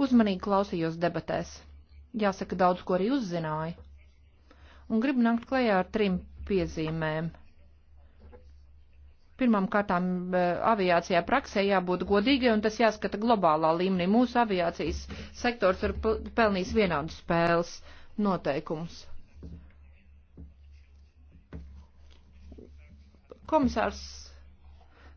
Uzmanīgi klausījos debatēs jāsaka, daudz ko arī uzzināju. Un gribu nākt klajā ar trim piezīmēm. Pirmām kārtām eh, aviācijā praksē jābūt godīgai, un tas jāskata globālā līmenī. Mūsu aviācijas sektors ir pelnījis vienādu spēles noteikumus. Komisārs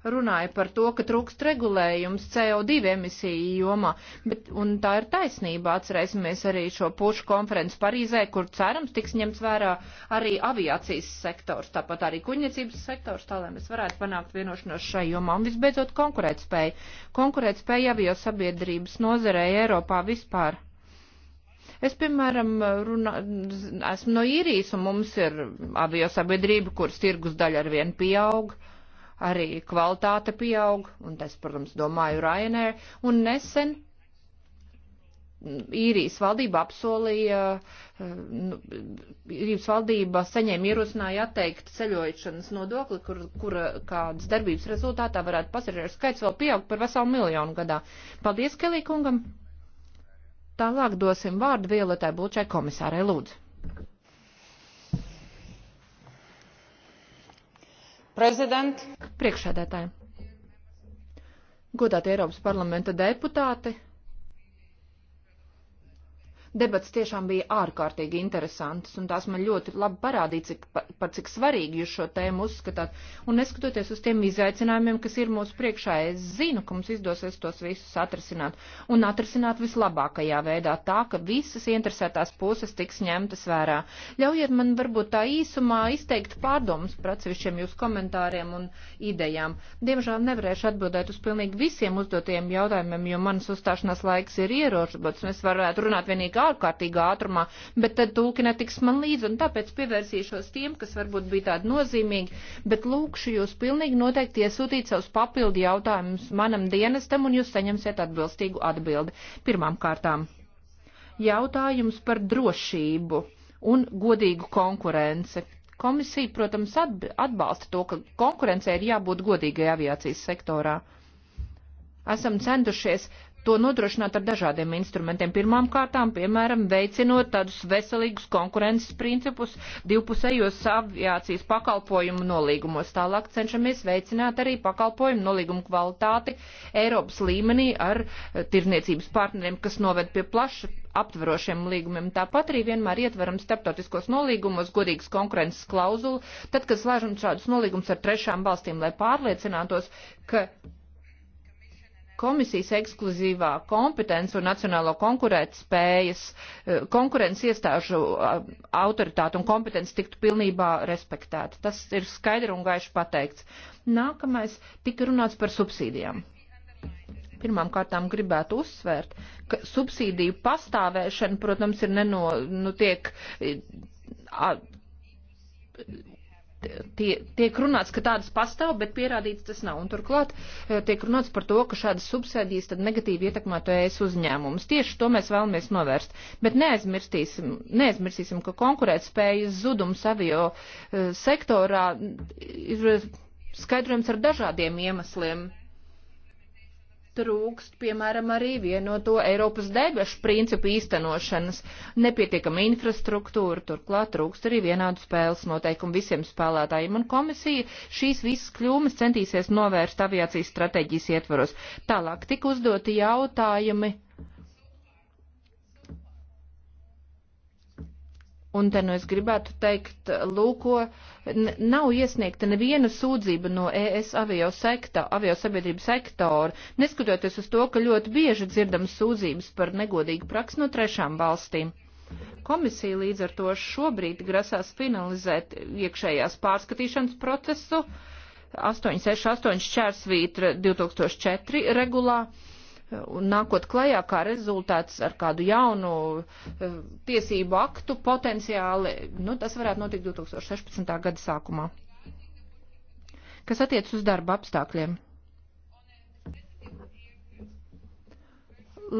runāja par to, ka trūkst regulējums CO2 emisiju jomā, bet, un tā ir taisnība, atcerēsimies arī šo pušu konferenci Parīzē, kur cerams tiks ņemts vērā arī aviācijas sektors, tāpat arī kuģniecības sektors, tā lai mēs varētu panākt vienošanos šai jomā, un visbeidzot konkurētspēja. Konkurētspēja avio sabiedrības nozarei Eiropā vispār. Es, piemēram, runā, esmu no īrijas, un mums ir avio sabiedrība, kuras tirgus daļa ar vienu pieauga arī kvalitāte pieaug, un es, protams, domāju Ryanair, un nesen īrijas valdība apsolīja, nu, īrijas valdība saņēma ierosināja atteikt ceļošanas nodokli, kur, kur kādas darbības rezultātā varētu pasažieru skaits vēl pieaugt par veselu miljonu gadā. Paldies, Kelī kungam! Tālāk dosim vārdu Violetai Bulčai komisārai Lūdzu. Priekšsēdētāji, godāti Eiropas parlamenta deputāti! Debats tiešām bija ārkārtīgi interesants, un tās man ļoti labi parādīja, cik, par cik svarīgi jūs šo tēmu uzskatāt. Un neskatoties uz tiem izaicinājumiem, kas ir mūsu priekšā, es zinu, ka mums izdosies tos visus atrasināt. Un atrasināt vislabākajā veidā, tā, ka visas interesētās puses tiks ņemtas vērā. Ļaujiet man varbūt tā īsumā izteikt pārdomas par atsevišķiem jūsu komentāriem un idejām. Diemžēl nevarēšu atbildēt uz pilnīgi visiem uzdotajiem jautājumiem, jo manas uzstāšanās laiks ir ieročots, un es varētu runāt vienīgi lasītu ārkārtīgā ātrumā, bet tad tulki netiks man līdzi, un tāpēc pievērsīšos tiem, kas varbūt bija tādi nozīmīgi, bet lūkšu jūs pilnīgi noteikti iesūtīt savus papildu jautājumus manam dienestam, un jūs saņemsiet atbilstīgu atbildi. Pirmām kārtām jautājums par drošību un godīgu konkurenci. Komisija, protams, atbalsta to, ka konkurencei ir jābūt godīgai aviācijas sektorā esam centušies to nodrošināt ar dažādiem instrumentiem. Pirmām kārtām, piemēram, veicinot tādus veselīgus konkurences principus divpusējos aviācijas pakalpojumu nolīgumos. Tālāk cenšamies veicināt arī pakalpojumu nolīgumu kvalitāti Eiropas līmenī ar eh, tirniecības partneriem, kas noved pie plaša aptverošiem līgumiem. Tāpat arī vienmēr ietveram starptautiskos nolīgumos godīgas konkurences klauzulu, tad, kad slēžam šādus nolīgumus ar trešām valstīm, lai pārliecinātos, ka komisijas ekskluzīvā kompetence un nacionālo konkurētspējas, eh, konkurences iestāžu eh, autoritāte un kompetence tiktu pilnībā respektēta. Tas ir skaidri un gaiši pateikts. Nākamais tika runāts par subsīdijām. Pirmām kārtām gribētu uzsvērt, ka subsīdiju pastāvēšana, protams, ir neno, nu, tiek eh, a, tie, tiek runāts, ka tādas pastāv, bet pierādīts tas nav. Un turklāt eh, tiek runāts par to, ka šādas subsēdijas tad negatīvi ietekmētu ES uzņēmumus. Tieši to mēs vēlamies novērst. Bet neaizmirstīsim, neaizmirstīsim ka konkurētspējas zudums avio eh, sektorā ir eh, skaidrojums ar dažādiem iemesliem trūkst, piemēram, arī vienoto Eiropas debešu principu īstenošanas, nepietiekama infrastruktūra, turklāt trūkst arī vienādu spēles noteikumu visiem spēlētājiem, un komisija šīs visas kļūmes centīsies novērst aviācijas stratēģijas ietvaros. Tālāk tika uzdoti jautājumi Un te nu es gribētu teikt, lūko, nav iesniegta neviena sūdzība no ES avio, sekta, avio sabiedrību sektora, neskatoties uz to, ka ļoti bieži dzirdam sūdzības par negodīgu praksi no trešām valstīm. Komisija līdz ar to šobrīd grasās finalizēt iekšējās pārskatīšanas procesu 868 šķērsvītra 2004 regulā un nākot klajā kā rezultāts ar kādu jaunu eh, tiesību aktu potenciāli, nu, tas varētu notikt 2016. gada sākumā. Kas attiec uz darba apstākļiem?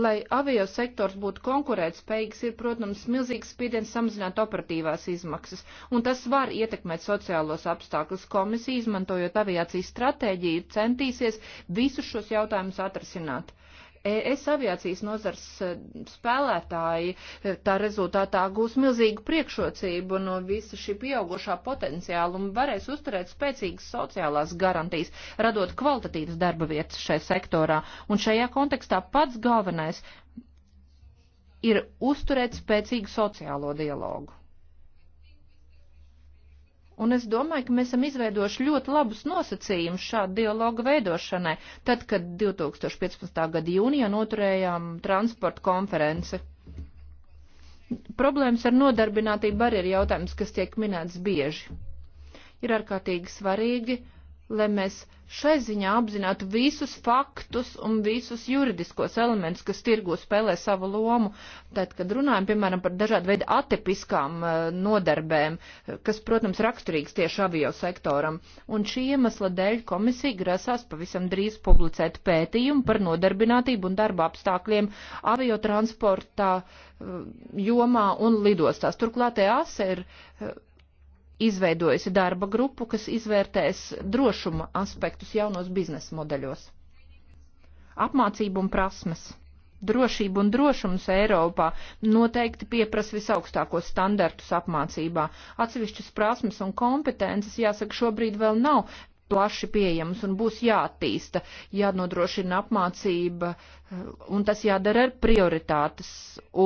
Lai avio sektors būtu konkurētspējīgs, ir, protams, milzīgs spiediens samazināt operatīvās izmaksas, un tas var ietekmēt sociālos apstākļus. Komisija, izmantojot aviācijas stratēģiju, centīsies visus šos jautājumus atrasināt. Uh, ES aviācijas nozars e, spēlētāji e, tā rezultātā gūs milzīgu priekšrocību no visa šī pieaugušā potenciāla un varēs uzturēt spēcīgas sociālās garantijas, radot kvalitatīvas darba vietas šai sektorā. Un šajā kontekstā pats galvenais ir uzturēt spēcīgu sociālo dialogu. Un es domāju, ka mēs esam izveidojuši ļoti labus nosacījumus šādu dialogu veidošanai, tad, kad 2015. gada jūnijā noturējām transporta konferenci. Problēmas ar nodarbinātību arī ir jautājums, kas tiek minēts bieži. Ir ārkārtīgi svarīgi, lai mēs šai ziņā apzinātu visus faktus un visus juridiskos elementus, kas tirgu spēlē savu lomu. Tad, kad runājam, piemēram, par dažādu veidu atipiskām eh, nodarbēm, eh, kas, protams, raksturīgs tieši avio sektoram, un šī iemesla dēļ komisija grasās pavisam drīz publicēt pētījumu par nodarbinātību un darba apstākļiem avio transportā eh, jomā un lidostās. Turklāt EASA e ir izveidojusi darba grupu, kas izvērtēs drošuma aspektus jaunos biznesa modeļos. Apmācību un prasmes. Drošība un drošums Eiropā noteikti pieprasa visaugstākos standartus apmācībā. Atsevišķas prasmes un kompetences, jāsaka, šobrīd vēl nav plaši pieejams un būs jātīsta, jānodrošina apmācība, eh, un tas jādara ar prioritātes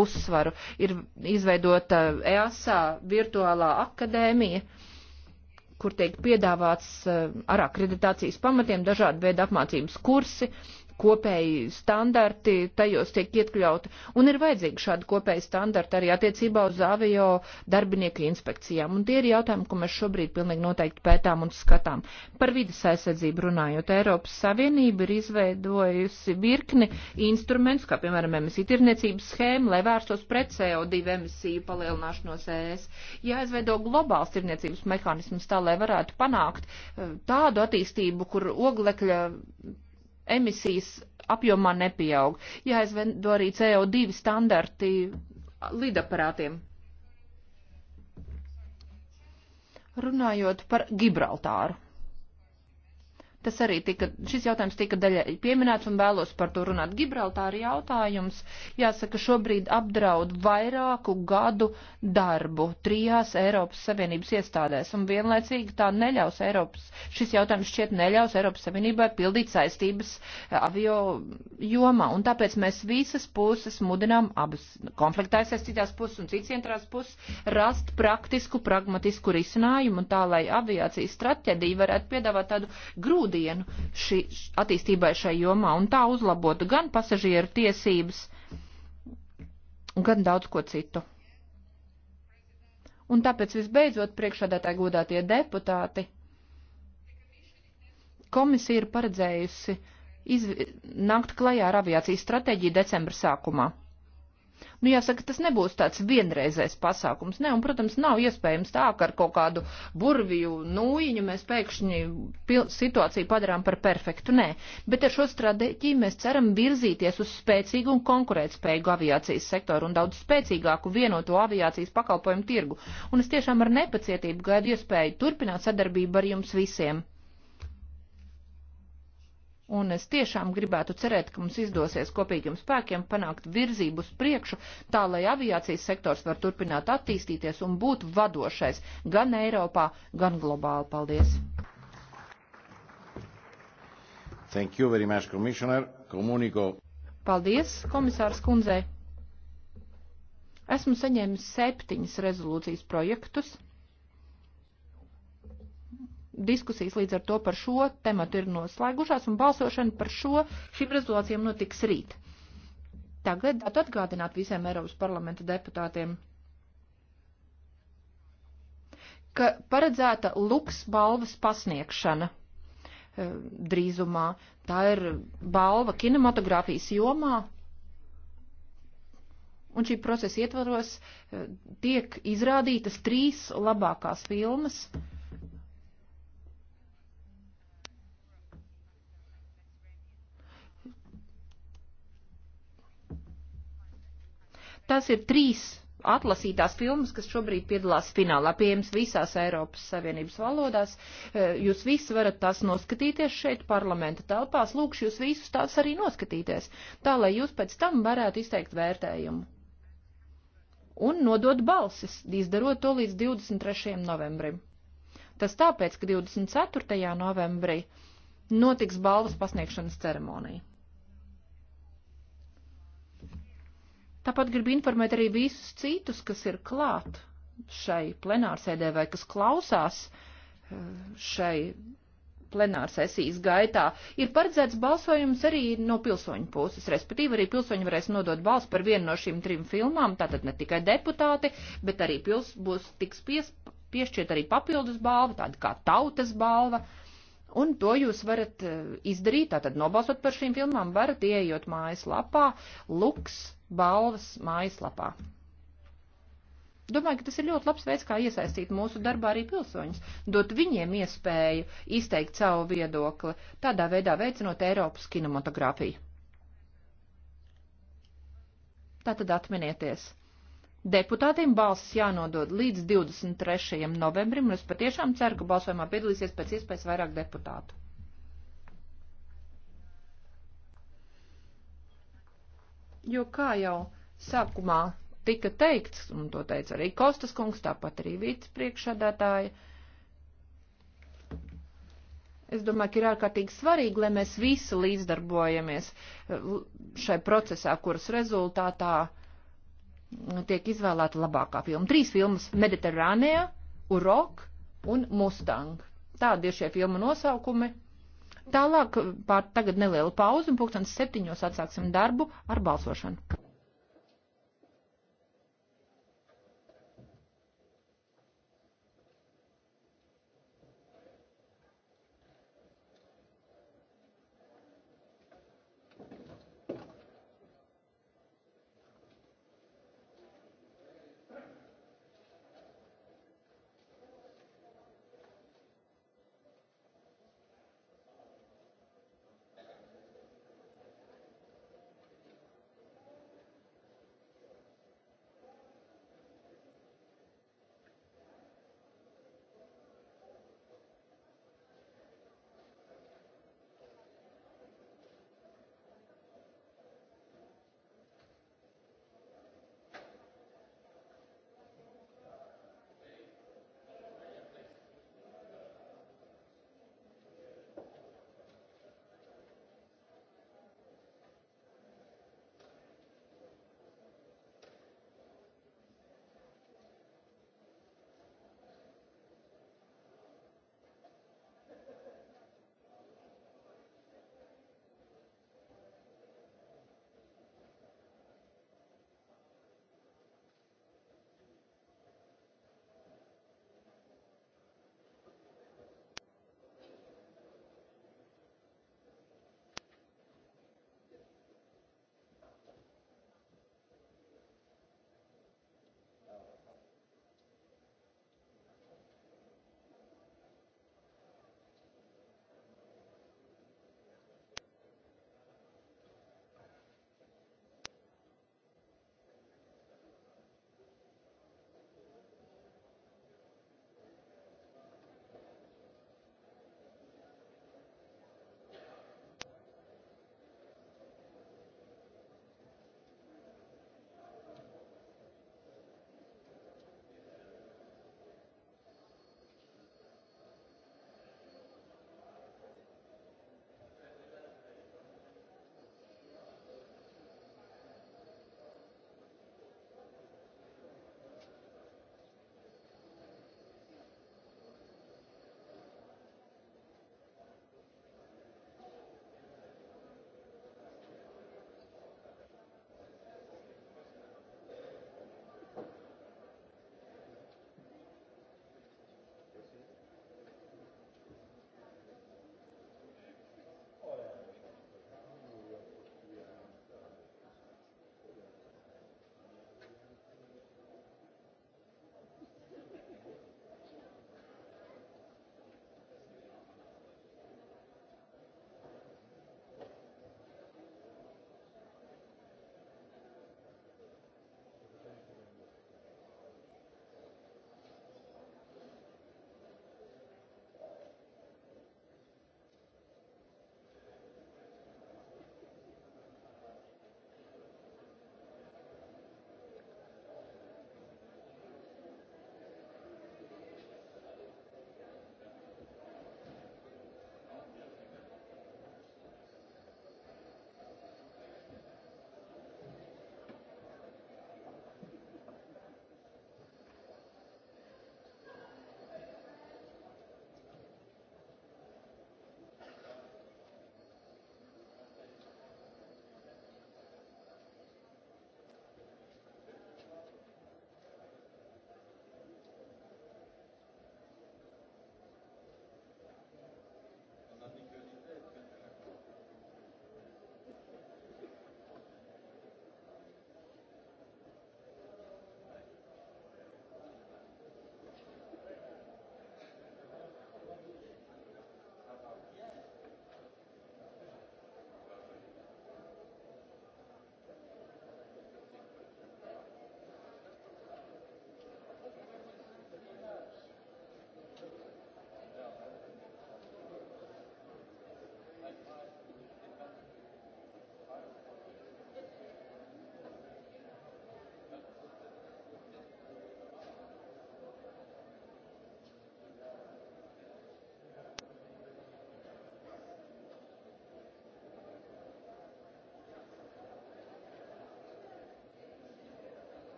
uzsvaru. Ir izveidota EASA virtuālā akadēmija, kur tiek piedāvāts eh, ar akreditācijas pamatiem dažādi veidi apmācības kursi, uh, kopēji standarti, tajos tiek iekļauti, un ir vajadzīgi šādi kopēji standarti arī attiecībā uz avio darbinieku inspekcijām, un tie ir jautājumi, ko mēs šobrīd pilnīgi noteikti pētām un skatām. Par vidas aizsardzību runājot, Eiropas Savienība ir izveidojusi virkni instrumentus, kā piemēram emisiju tirniecības schēma, lai vērstos pret CO2 emisiju palielināšanos ES. Jāizveido globāls tirniecības mehānisms tā, lai varētu panākt eh, tādu attīstību, kur oglekļa emisijas apjomā nepieaug. Jāizveido arī CO2 standarti lidaparātiem. Runājot par Gibraltāru. Tas arī tika, šis jautājums tika daļai pieminēts un vēlos par to runāt. Gibraltāra jautājums, jāsaka, šobrīd apdraud vairāku gadu darbu trijās Eiropas Savienības iestādēs un vienlaicīgi tā neļaus Eiropas, šis jautājums šķiet neļaus Eiropas Savienībai pildīt saistības eh, avio jomā un tāpēc mēs visas puses mudinām abas konfliktājusies citās puses un citās puses rast praktisku, pragmatisku risinājumu un tā, lai aviācijas stratēģija varētu piedāvāt tādu grūdu spiedienu šī, attīstībai šai jomā un tā uzlabotu gan pasažieru tiesības, gan daudz ko citu. Un tāpēc visbeidzot priekšādātāji godātie deputāti, komisija ir paredzējusi iz... nākt klajā ar aviācijas stratēģiju decembra sākumā. Nu, jāsaka, tas nebūs tāds vienreizais pasākums. Nē, un, protams, nav iespējams tā, ka ar kaut kādu burviju nūjiņu mēs pēkšņi situāciju padarām par perfektu. Nē, bet ar šo stratēģiju mēs ceram virzīties uz spēcīgu un konkurētspējīgu aviācijas sektoru un daudz spēcīgāku vienoto aviācijas pakalpojumu tirgu. Un es tiešām ar nepacietību gaidu iespēju turpināt sadarbību ar jums visiem. Un es tiešām gribētu cerēt, ka mums izdosies kopīgiem spēkiem panākt virzību uz priekšu, tā lai aviācijas sektors var turpināt attīstīties un būt vadošais gan Eiropā, gan globāli. Paldies! Thank you very much, Commissioner. Komuniko. Paldies, komisārs kundzei. Esmu saņēmis septiņas rezolūcijas projektus diskusijas līdz ar to par šo tematu ir noslēgušās, un balsošana par šo šīm rezolūcijām notiks rīt. Tagad atgādināt visiem Eiropas parlamenta deputātiem, ka paredzēta Luks balvas pasniegšana eh, drīzumā. Tā ir balva kinematogrāfijas jomā. Un šī procesa ietvaros eh, tiek izrādītas trīs labākās filmas Tas ir trīs atlasītās filmas, kas šobrīd piedalās finālā, pieejams visās Eiropas Savienības valodās. E, jūs visi varat tās noskatīties šeit parlamenta telpās, lūkšu jūs visus tās arī noskatīties, tā lai jūs pēc tam varētu izteikt vērtējumu. Un nodot balsis, izdarot to līdz 23. novembrim. Tas tāpēc, ka 24. novembrī notiks balvas pasniegšanas ceremonija. Tāpat gribu informēt arī visus citus, kas ir klāt šai plenārsēdē vai kas klausās eh, šai plenārsesijas gaitā. Ir paredzēts balsojums arī no pilsoņu puses, respektīvi arī pilsoņi varēs nodot balsu par vienu no šīm trim filmām, tātad ne tikai deputāti, bet arī pils būs tiks pies, piešķiet arī papildus balva, tāda kā tautas balva. Uh, Un to jūs varat eh, izdarīt, tātad nobalsot par šīm filmām, varat ieejot mājaslapā, Luks balvas mājaslapā. Domāju, ka tas ir ļoti labs veids, kā iesaistīt mūsu darbā arī pilsoņus, dot viņiem iespēju izteikt savu viedokli, tādā veidā veicinot Eiropas kinematogrāfiju. Tātad atminieties, Deputātiem balsis jānodod līdz 23. novembrim, un es patiešām ceru, ka balsojumā piedalīsies pēc iespējas vairāk deputātu. Jo kā jau sākumā tika teikts, un to teica arī Kostas kungs, tāpat arī vicepriekšādātāja, Es domāju, ka ir ārkārtīgi svarīgi, lai mēs visi līdzdarbojamies šai procesā, kuras rezultātā uh, tiek izvēlēta labākā filma. Trīs filmas - Mediterrānijā, Urok un Mustang. Tādi ir šie filmu nosaukumi. Tālāk pār tagad neliela pauze un pulkstens septiņos atsāksim darbu ar balsošanu.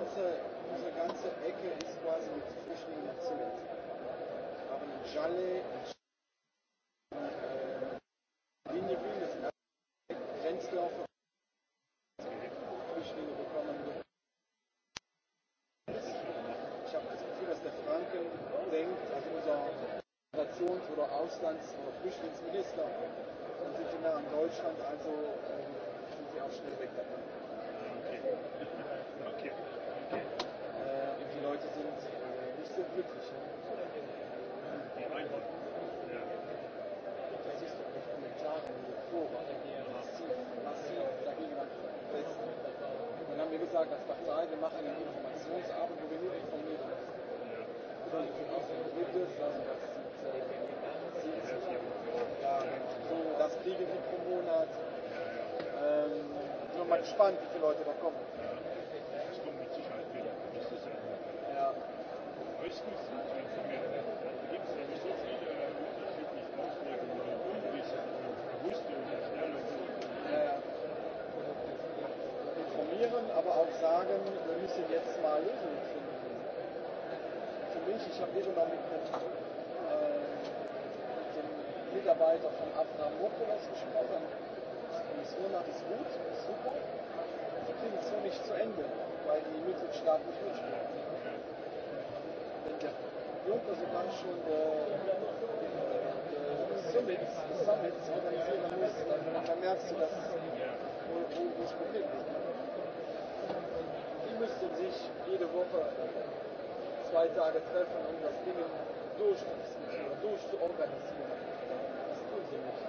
ganze, diese ganze Ecke ist quasi mit Flüchtlingen erzählt. Wir haben in Jalle, in äh, Ligneville, das sind alle Grenzdörfer, Flüchtlinge bekommen. Ich habe das Gefühl, dass der Franken denkt, also unser Migrations- oder Auslands- oder Flüchtlingsminister, dann sind sie nah an Deutschland, also äh, sind sie auch schnell weg davon. gesagt, als Partei, wir machen eine Informationsarbeit, wo wir nur informieren. Dann gibt es, also das sind, äh, ja, so, das kriegen die pro Monat. Ähm, nur mal gespannt, wie viele Leute da kommen. auch sagen, wir müssen jetzt mal Lösungen finden. Zumindest, ich habe eben noch mit einem, äh, mit dem Mitarbeiter von Avramopoulos gesprochen. Die Kommission hat es gut, ist super. Sie kriegen es nur nicht zu Ende, weil die Mitgliedstaaten nicht mitspielen. Wenn der Juncker sogar schon Summits, Summits organisieren muss, dann, dann merkst du, dass wo, wo das Problem ist müssten sich jede Woche zwei Tage treffen, um das Ding durchzudiskutieren, durchzuorganisieren. Das tun sie nicht.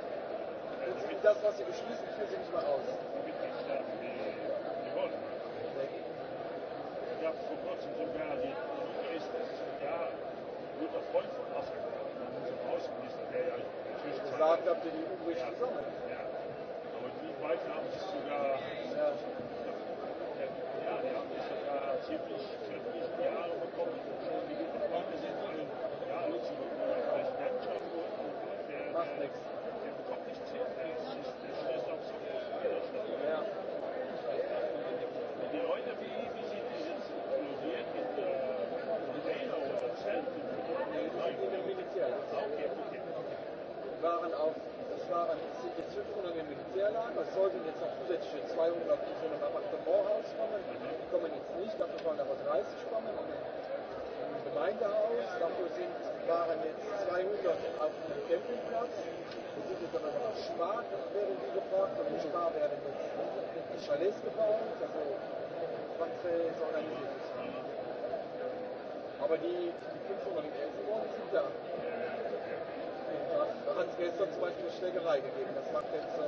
Und das, was sie beschließen, führen sie nicht mal aus. Die Mitgliedstaaten, die wollen. Ich habe vor kurzem sogar die Minister, ja, ein guter Freund von Asker, unser Außenminister, der ja inzwischen gesagt hat, die EU bricht zusammen. Ja, aber die beiden haben sich sogar Macht nichts. Ja. Die Leute, wie, wie sie die sitzen, ignoriert mit Container oder Zelten. Nein, die Militärlager. Okay, okay. Waren auf, das waren, sind jetzt 500 im Militärlager, es sollten jetzt noch zusätzliche 200 in so einem Appartementhaus kommen nicht. Dafür fallen aber 30 Spannen im Gemeindehaus. Dafür sind, waren jetzt 200 auf dem Campingplatz. Wir sind jetzt dann aber auf Spar, werden die gefragt. Und in Spar werden jetzt Chalets gebaut. Also was äh, so organisiert ist. Aber die, die 500 in Elsenborn sind da. Da hat es gestern zum Beispiel eine Schlägerei gegeben. Das macht jetzt äh,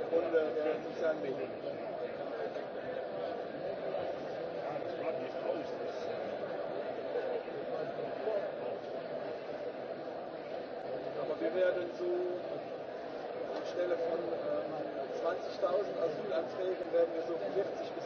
die Runde der sozialen Medien. 100.000 Asylanträgen werden wir so um 40 bis